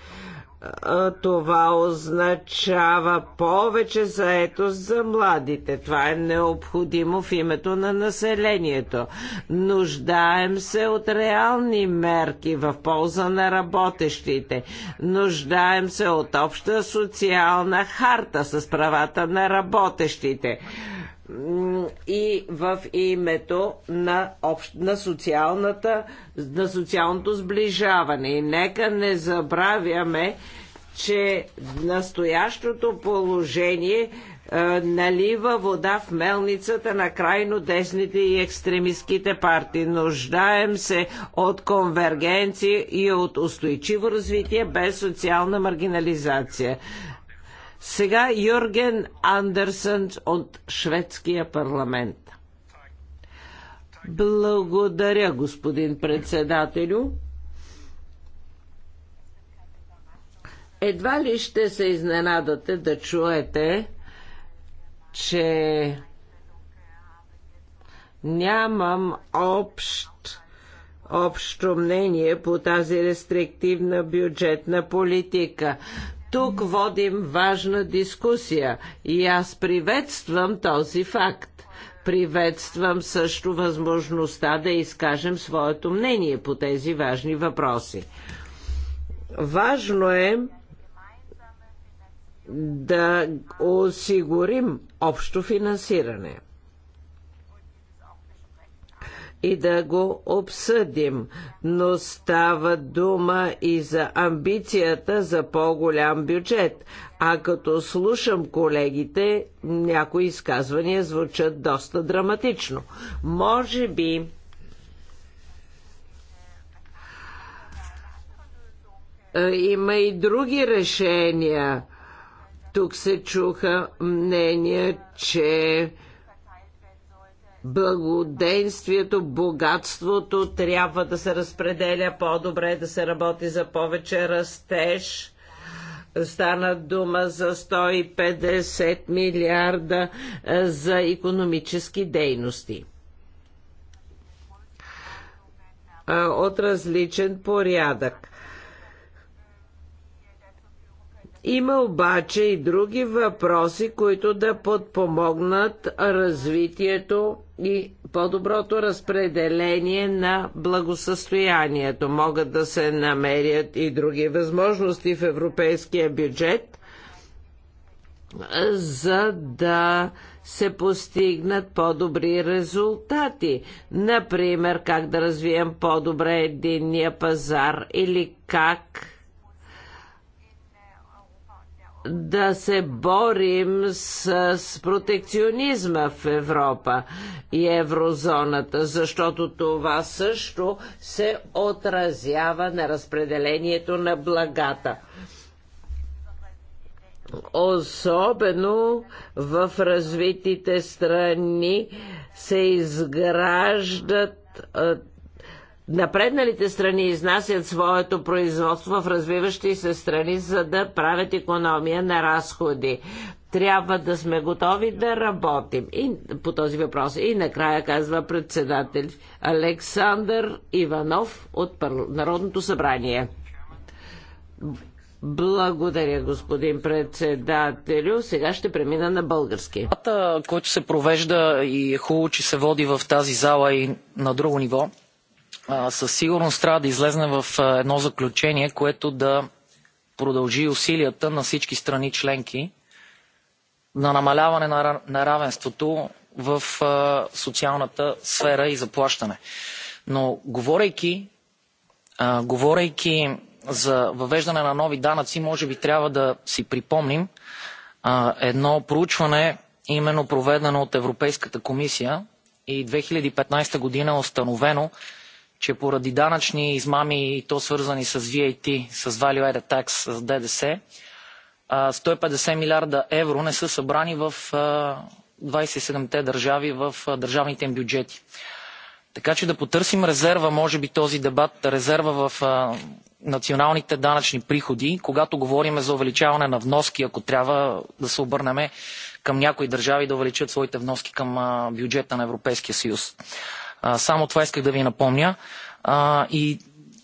Това означава повече заетост за младите. Това е необходимо в името на населението. Нуждаем се от реални мерки в полза на работещите. Нуждаем се от обща социална харта с правата на работещите и в името на, общ, на, социалната, на социалното сближаване. И нека не забравяме, че настоящото положение е, налива вода в мелницата на крайно десните и екстремистските партии. Нуждаем се от конвергенция и от устойчиво развитие без социална маргинализация. Сега Йорген Андерсън от шведския парламент. Благодаря, господин председателю. Едва ли ще се изненадате да чуете, че нямам общ, общо мнение по тази рестриктивна бюджетна политика. Тук водим важна дискусия и аз приветствам този факт. Приветствам също възможността да изкажем своето мнение по тези важни въпроси. Важно е да осигурим общо финансиране – и да го обсъдим. Но става дума и за амбицията за по-голям бюджет. А като слушам колегите, някои изказвания звучат доста драматично. Може би е, има и други решения. Тук се чуха мнения, че благоденствието, богатството трябва да се разпределя по-добре, да се работи за повече растеж. Стана дума за 150 милиарда е, за економически дейности. Е, от различен порядък Има обаче и други въпроси, които да подпомогнат развитието и по-доброто разпределение на благосъстоянието. Могат да се намерят и други възможности в европейския бюджет, за да се постигнат по-добри резултати. Например, как да развием по-добре единния пазар или как да се борим с, протекционизма в Европа и еврозоната, защото това също се отразява на разпределението на благата особено в развитите страни се изграждат напредналите страни изнасят своето производство в развиващи се страни, за да правят економия на разходи. Трябва да сме готови да работим и, по този въпрос. И накрая казва председател Александър Иванов от Народното събрание. Благодаря, господин председателю. Сега ще премина на български. Който се провежда и е хубаво, че се води в тази зала и на друго ниво, със сигурност трябва да излезне в едно заключение, което да продължи усилията на всички страни членки на намаляване на неравенството в социалната сфера и заплащане. Но говорейки, говорейки за въвеждане на нови данъци, може би трябва да си припомним едно проучване, именно проведено от Европейската комисия и 2015 година е установено, че поради данъчни измами и то свързани с VAT, с Value Added Tax, с ДДС, 150 милиарда евро не са събрани в 27-те държави в държавните им бюджети. Така че да потърсим резерва, може би този дебат, резерва в националните данъчни приходи, когато говорим за увеличаване на вноски, ако трябва да се обърнем към някои държави да увеличат своите вноски към бюджета на Европейския съюз. Само това исках да ви напомня. И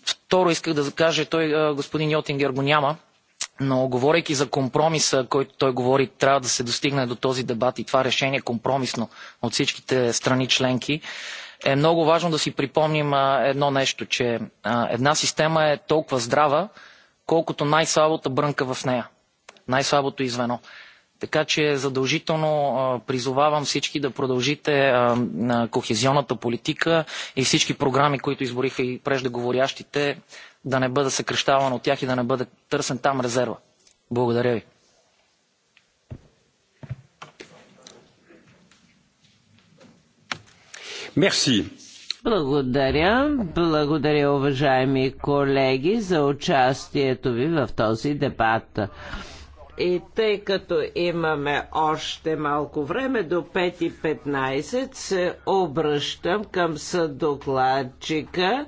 второ исках да кажа, той господин Йотингер го няма, но говорейки за компромиса, който той говори, трябва да се достигне до този дебат и това решение компромисно от всичките страни членки, е много важно да си припомним едно нещо, че една система е толкова здрава, колкото най-слабата брънка в нея, най-слабото извено. Така че задължително призовавам всички да продължите кохезионната политика и всички програми, които избориха и преждеговорящите, да не бъде съкрещаван от тях и да не бъде търсен там резерва. Благодаря ви. Мерси. Благодаря. Благодаря, уважаеми колеги, за участието ви в този дебат. И тъй като имаме още малко време до 5.15, се обръщам към съдокладчика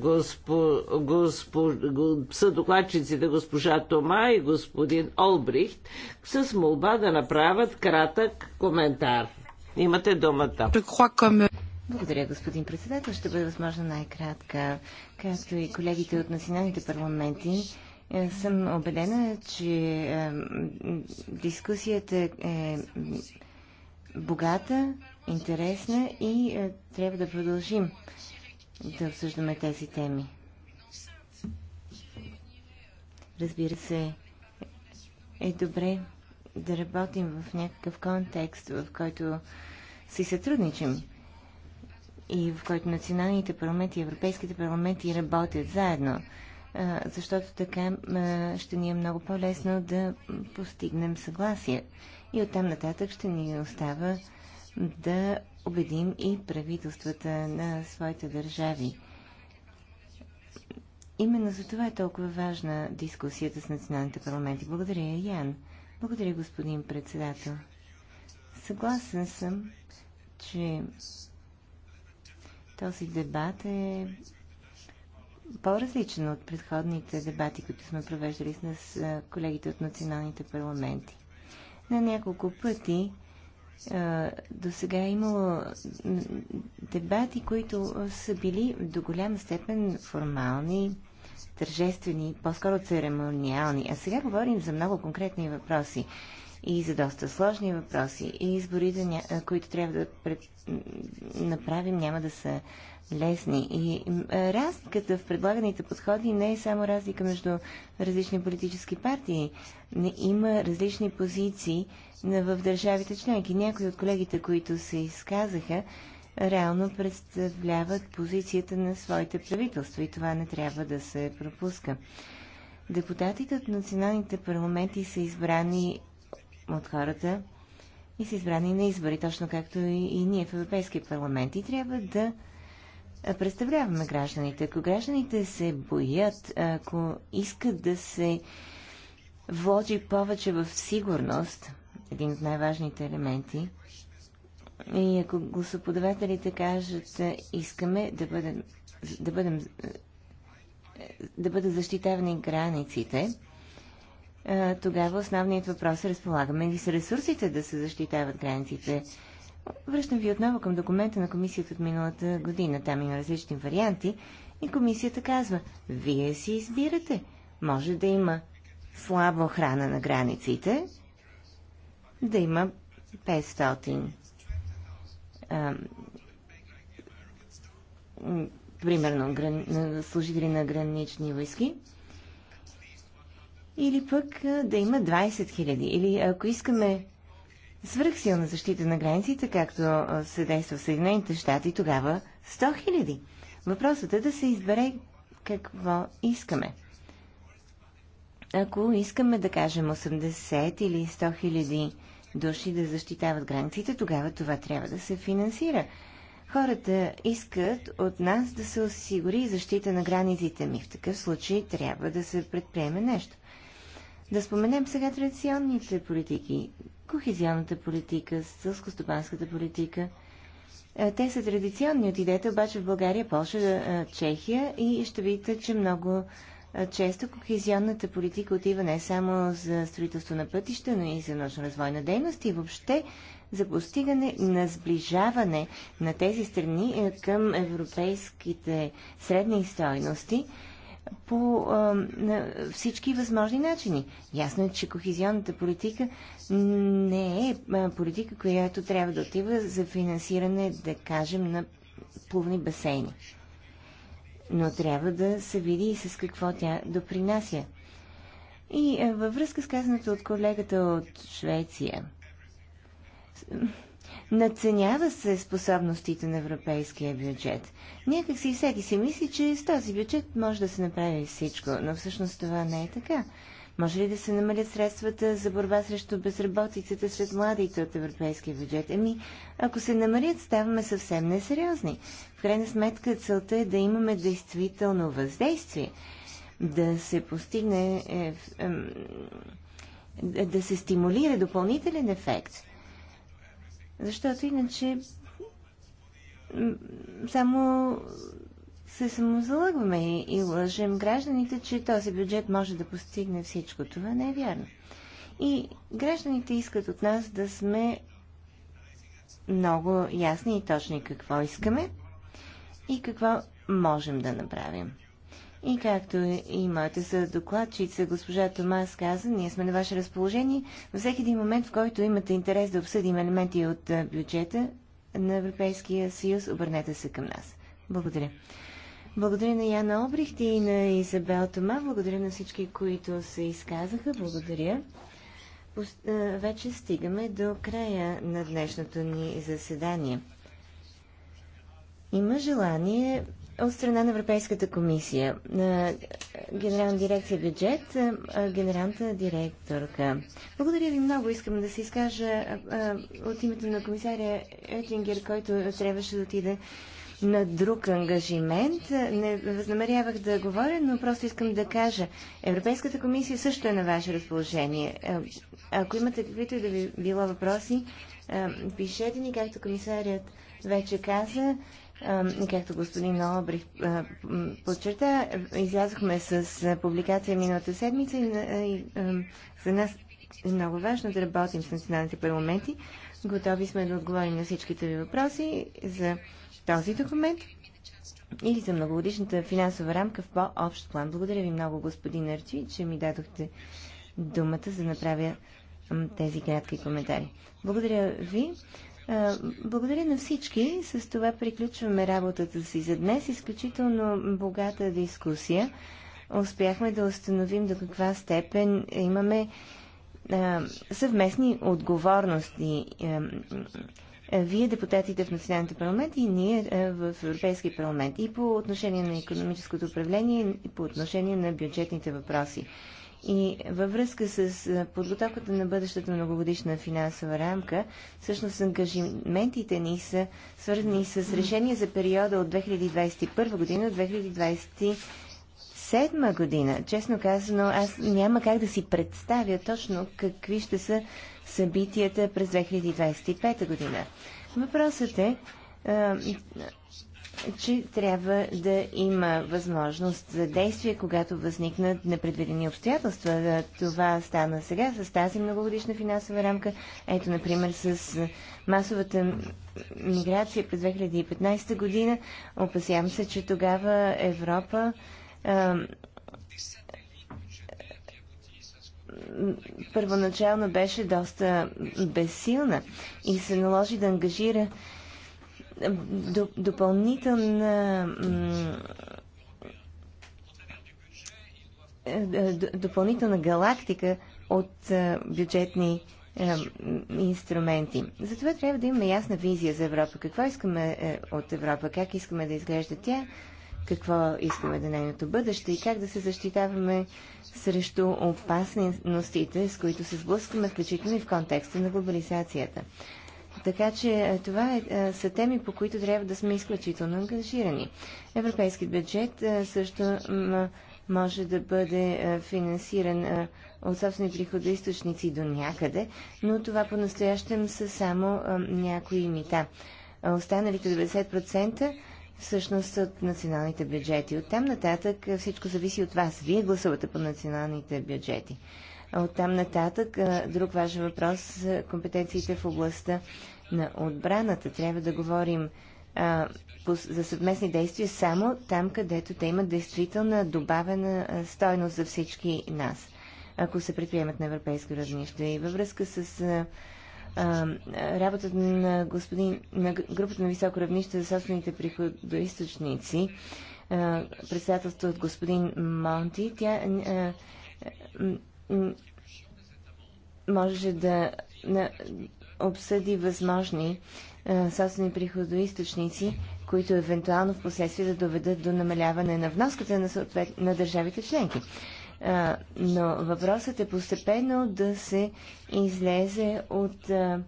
госпо, госпо, съдокладчиците госпожа Тома и господин Олбрихт с молба да направят кратък коментар. Имате думата. Благодаря, господин председател. Ще бъде възможно най-кратка. Както и колегите от националните парламенти, е, съм убедена, че е, дискусията е богата, интересна и е, трябва да продължим да обсъждаме тези теми. Разбира се, е добре да работим в някакъв контекст, в който си сътрудничим и в който националните парламенти и европейските парламенти работят заедно защото така ще ни е много по-лесно да постигнем съгласие. И оттам нататък ще ни остава да убедим и правителствата на своите държави. Именно за това е толкова важна дискусията с националните парламенти. Благодаря, Ян. Благодаря, господин председател. Съгласен съм, че този дебат е по-различен от предходните дебати, които сме провеждали с колегите от националните парламенти. На няколко пъти до сега е имало дебати, които са били до голяма степен формални, тържествени, по-скоро церемониални. А сега говорим за много конкретни въпроси и за доста сложни въпроси. И изборите, които трябва да пред... направим, няма да са лесни. И разликата в предлаганите подходи не е само разлика между различни политически партии. не Има различни позиции в държавите членки. Някои от колегите, които се изказаха, реално представляват позицията на своите правителства и това не трябва да се пропуска. Депутатите от националните парламенти са избрани от хората и са избрани на избори, точно както и, и ние в Европейския парламент. И трябва да представляваме гражданите. Ако гражданите се боят, ако искат да се вложи повече в сигурност, един от най-важните елементи, и ако гласоподавателите кажат, искаме да бъдем, да бъдем да бъдат защитавани границите, е, тогава основният въпрос е разполагаме ли с ресурсите да се защитават границите. Връщам ви отново към документа на комисията от миналата година. Там има различни варианти и комисията казва, вие си избирате. Може да има слаба охрана на границите, да има 500 а, е, примерно гран... служители на гранични войски, или пък да има 20 000. Или ако искаме свръхсилна защита на границите, както се действа в Съединените щати, тогава 100 000. Въпросът е да се избере какво искаме. Ако искаме да кажем 80 или 100 хиляди души да защитават границите, тогава това трябва да се финансира. Хората искат от нас да се осигури защита на границите ми. В такъв случай трябва да се предприеме нещо. Да споменем сега традиционните политики. Кохезионната политика, сълскостопанската политика. Е, те са традиционни. Отидете обаче в България, Польша, е, Чехия и ще видите, че много е, често кохезионната политика отива не само за строителство на пътища, но и за научно-развойна дейност и въобще за постигане на сближаване на тези страни към европейските средни стойности по а, всички възможни начини. Ясно е, че кохезионната политика не е политика, която трябва да отива за финансиране, да кажем, на плувни басейни. Но трябва да се види и с какво тя допринася. И във връзка с казаното от колегата от Швеция, Наценява се способностите на европейския бюджет. Някак си всеки си мисли, че с този бюджет може да се направи всичко, но всъщност това не е така. Може ли да се намалят средствата за борба срещу безработицата сред младите от европейския бюджет? Ами, ако се намалят, ставаме съвсем несериозни. В крайна сметка целта е да имаме действително въздействие, да се постигне, е, е, е, да се стимулира допълнителен ефект – защото иначе само се самозалъгваме и, лъжем гражданите, че този бюджет може да постигне всичко. Това не е вярно. И гражданите искат от нас да сме много ясни и точни какво искаме и какво можем да направим. И както и моята съдокладчица, госпожа Томас каза, ние сме на ваше разположение. Във всеки един момент, в който имате интерес да обсъдим елементи от бюджета на Европейския съюз, обърнете се към нас. Благодаря. Благодаря на Яна Обрихт и на Изабел Тома. Благодаря на всички, които се изказаха. Благодаря. Вече стигаме до края на днешното ни заседание. Има желание от страна на Европейската комисия, на е, Генерална дирекция бюджет, е, е, генералната директорка. Благодаря ви много. Искам да се изкажа от името на комисаря Етингер, който трябваше да отиде на друг ангажимент. Не възнамерявах да говоря, но просто искам да кажа. Европейската комисия също е на ваше разположение. Ако имате каквито и да ви било въпроси, пишете ни, както комисарият вече каза както господин Олбрих, подчерта, излязохме с публикация миналата седмица и за нас е много важно да работим с националните парламенти. Готови сме да отговорим на всичките ви въпроси за този документ или за многогодишната финансова рамка в по-общ план. Благодаря ви много, господин Арчи, че ми дадохте думата за да направя тези кратки коментари. Благодаря ви. Е, благодаря на всички. С това приключваме работата си за днес. Изключително богата дискусия. Успяхме да установим до каква степен имаме е, съвместни отговорности. Е, вие, депутатите в националните парламенти и ние в Европейски парламент. И по отношение на економическото управление, и по отношение на бюджетните въпроси. И във връзка с подготовката на бъдещата многогодишна финансова рамка, всъщност ангажиментите ни са свързани с решение за периода от 2021 година до 2027 година. Честно казано, аз няма как да си представя точно какви ще са събитията през 2025 година. Въпросът е че трябва да има възможност за действие, когато възникнат непредвидени обстоятелства. Това стана сега с тази многогодишна финансова рамка. Ето, например, с масовата миграция през 2015 година. Опасявам се, че тогава Европа първоначално беше доста безсилна и се наложи да ангажира допълнителна е, допълнителна галактика от е, бюджетни е, инструменти. Затова трябва да имаме ясна визия за Европа. Какво искаме от Европа? Как искаме да изглежда тя? Какво искаме да нейното бъдеще? И как да се защитаваме срещу опасностите, с които се сблъскваме, включително и в контекста на глобализацията? Така че е, това е, е, са теми, по които трябва да сме изключително ангажирани. Европейският бюджет е, също може да бъде финансиран от собствени приходоисточници до някъде, но това по-настоящем са само някои мита. Останалите 90% всъщност от националните бюджети. От там нататък всичко зависи от вас. Вие гласувате по националните бюджети. От там нататък друг важен въпрос компетенциите в областта на отбраната. Трябва да говорим а, по, за съвместни действия само там, където те имат действителна добавена стойност за всички нас, ако се предприемат на европейско равнище. И във връзка с а, а, работата на, господин, на групата на високо равнище за собствените приходоисточници, председателство от господин Монти, тя можеше да обсъди възможни е, собствени приходоисточници, които евентуално в последствие да доведат до намаляване на вноската на, съответ... на държавите членки. Е, но въпросът е постепенно да се излезе от е,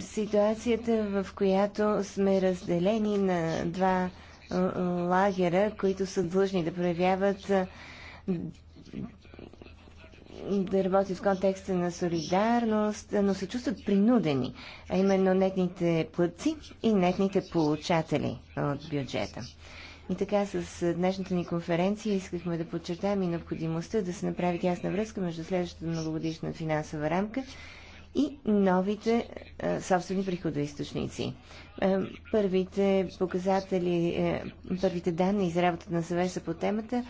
ситуацията, в която сме разделени на два лагера, които са длъжни да проявяват да работят в контекста на солидарност, но се чувстват принудени, а именно нетните платци и нетните получатели от бюджета. И така с днешната ни конференция искахме да подчертаем и необходимостта да се направи ясна връзка между следващата многогодишна финансова рамка и новите а, собствени приходоисточници. А, първите показатели, а, първите данни за работата на съвеса по темата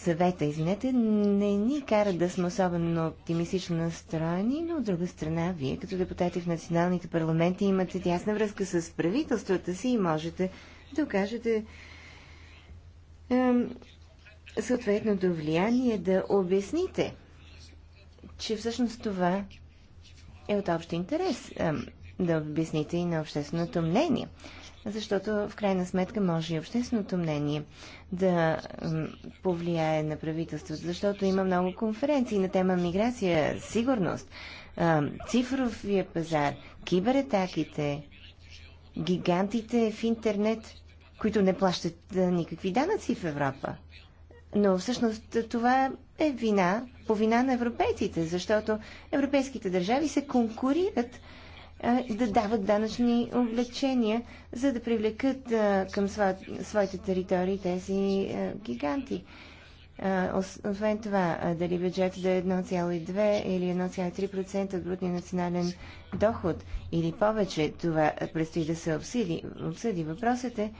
съвета, извинете, не ни кара да сме особено оптимистично настроени, но от друга страна, вие като депутати в националните парламенти имате тясна връзка с правителствата си и можете да окажете е, съответното влияние да обясните, че всъщност това е от общ интерес. Е, да обясните и на общественото мнение. Защото в крайна сметка може и общественото мнение да повлияе на правителството, защото има много конференции на тема миграция, сигурност, цифровия пазар, кибератаките, гигантите в интернет, които не плащат никакви данъци в Европа. Но всъщност това е вина, по вина на европейците, защото европейските държави се конкурират да дават данъчни облегчения, за да привлекат към своите територии тези гиганти. Освен това, дали бюджетът да е 1,2 или 1,3% от брутния национален доход или повече, това предстои да се обсъди. обсъди. Въпросът е,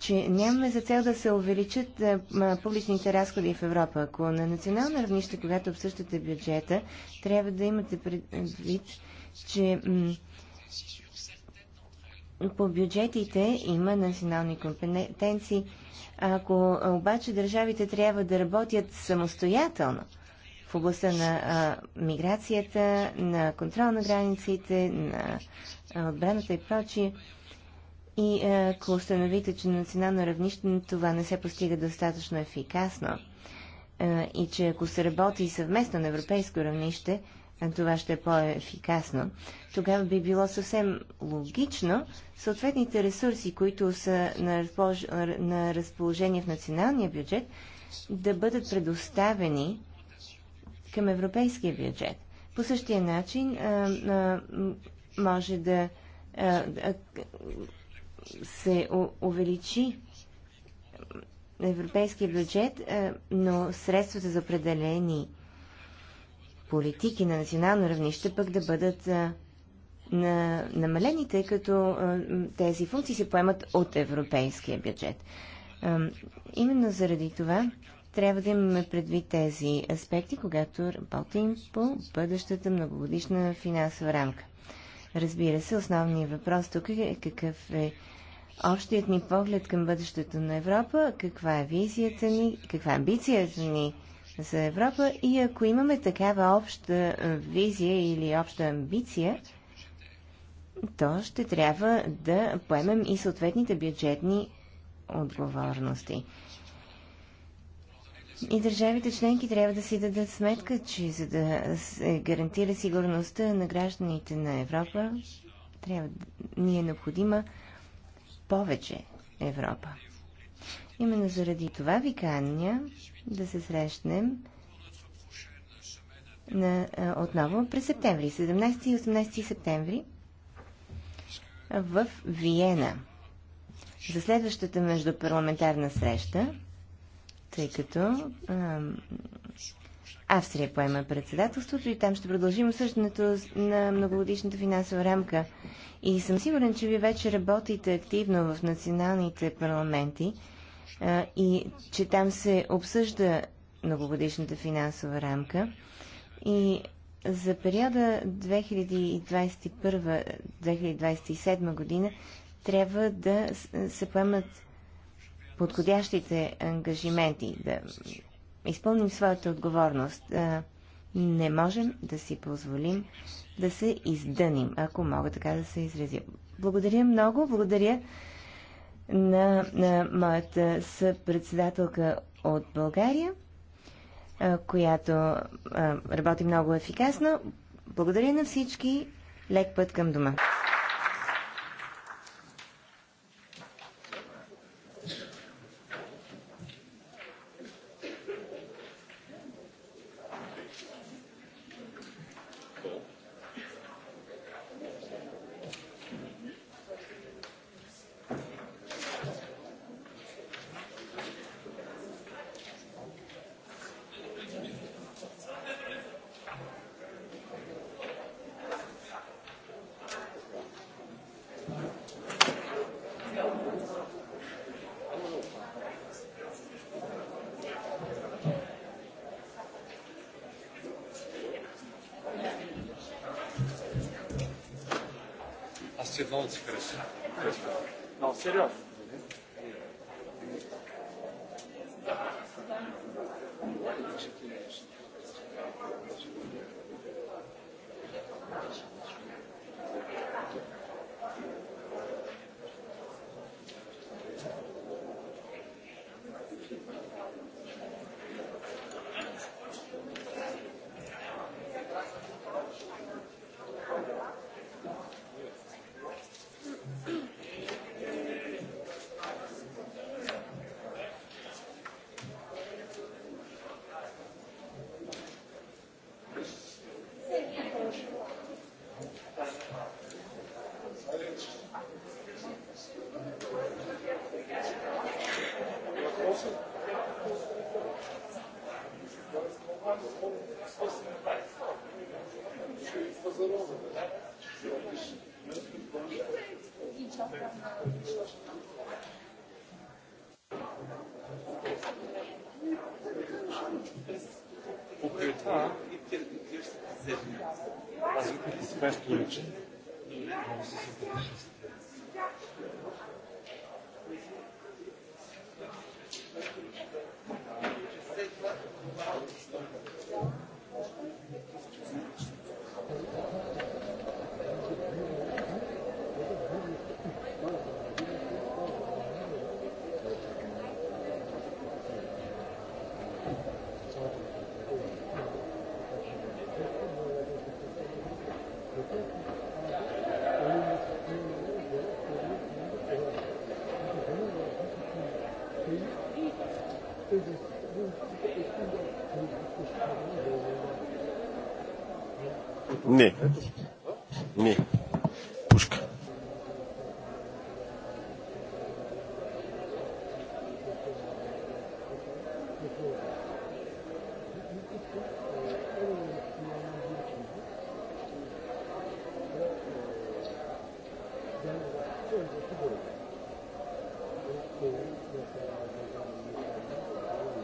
че нямаме за цел да се увеличат публичните разходи в Европа. Ако на национално равнище, когато обсъщате бюджета, трябва да имате предвид, че по бюджетите има национални компетенции. Ако обаче държавите трябва да работят самостоятелно в областта на а, миграцията, на контрол на границите, на отбраната и прочие, и ако установите, че на национално равнище това не се постига достатъчно ефикасно а, и че ако се работи съвместно на европейско равнище, това ще е по-ефикасно, тогава би било съвсем логично съответните ресурси, които са на, разполож... на разположение в националния бюджет, да бъдат предоставени към европейския бюджет. По същия начин а, а, може да а, а, се увеличи европейския бюджет, а, но средствата за определени политики на национално равнище пък да бъдат на намалени, тъй като тези функции се поемат от европейския бюджет. Именно заради това трябва да имаме предвид тези аспекти, когато работим по бъдещата многогодишна финансова рамка. Разбира се, основният въпрос тук е какъв е общият ни поглед към бъдещето на Европа, каква е визията ни, каква е амбицията ни за Европа и ако имаме такава обща визия или обща амбиция, то ще трябва да поемем и съответните бюджетни отговорности. И държавите членки трябва да си дадат сметка, че за да се гарантира сигурността на гражданите на Европа, трябва, ни е необходима повече Европа. Именно заради това ви каня да се срещнем на, отново през септември, 17 и 18 септември в Виена за следващата междупарламентарна среща, тъй като а, Австрия поема председателството и там ще продължим осъждането на многогодишната финансова рамка. И съм сигурен, че ви вече работите активно в националните парламенти и че там се обсъжда многогодишната финансова рамка. И за периода 2021-2027 година трябва да се поемат подходящите ангажименти, да изпълним своята отговорност. Не можем да си позволим да се издъним, ако мога така да се изразя. Благодаря много, благодаря на, на моята съпредседателка от България, която а, работи много ефикасно. Благодаря на всички. Лек път към дома. Аз изпращам, че Не. Не.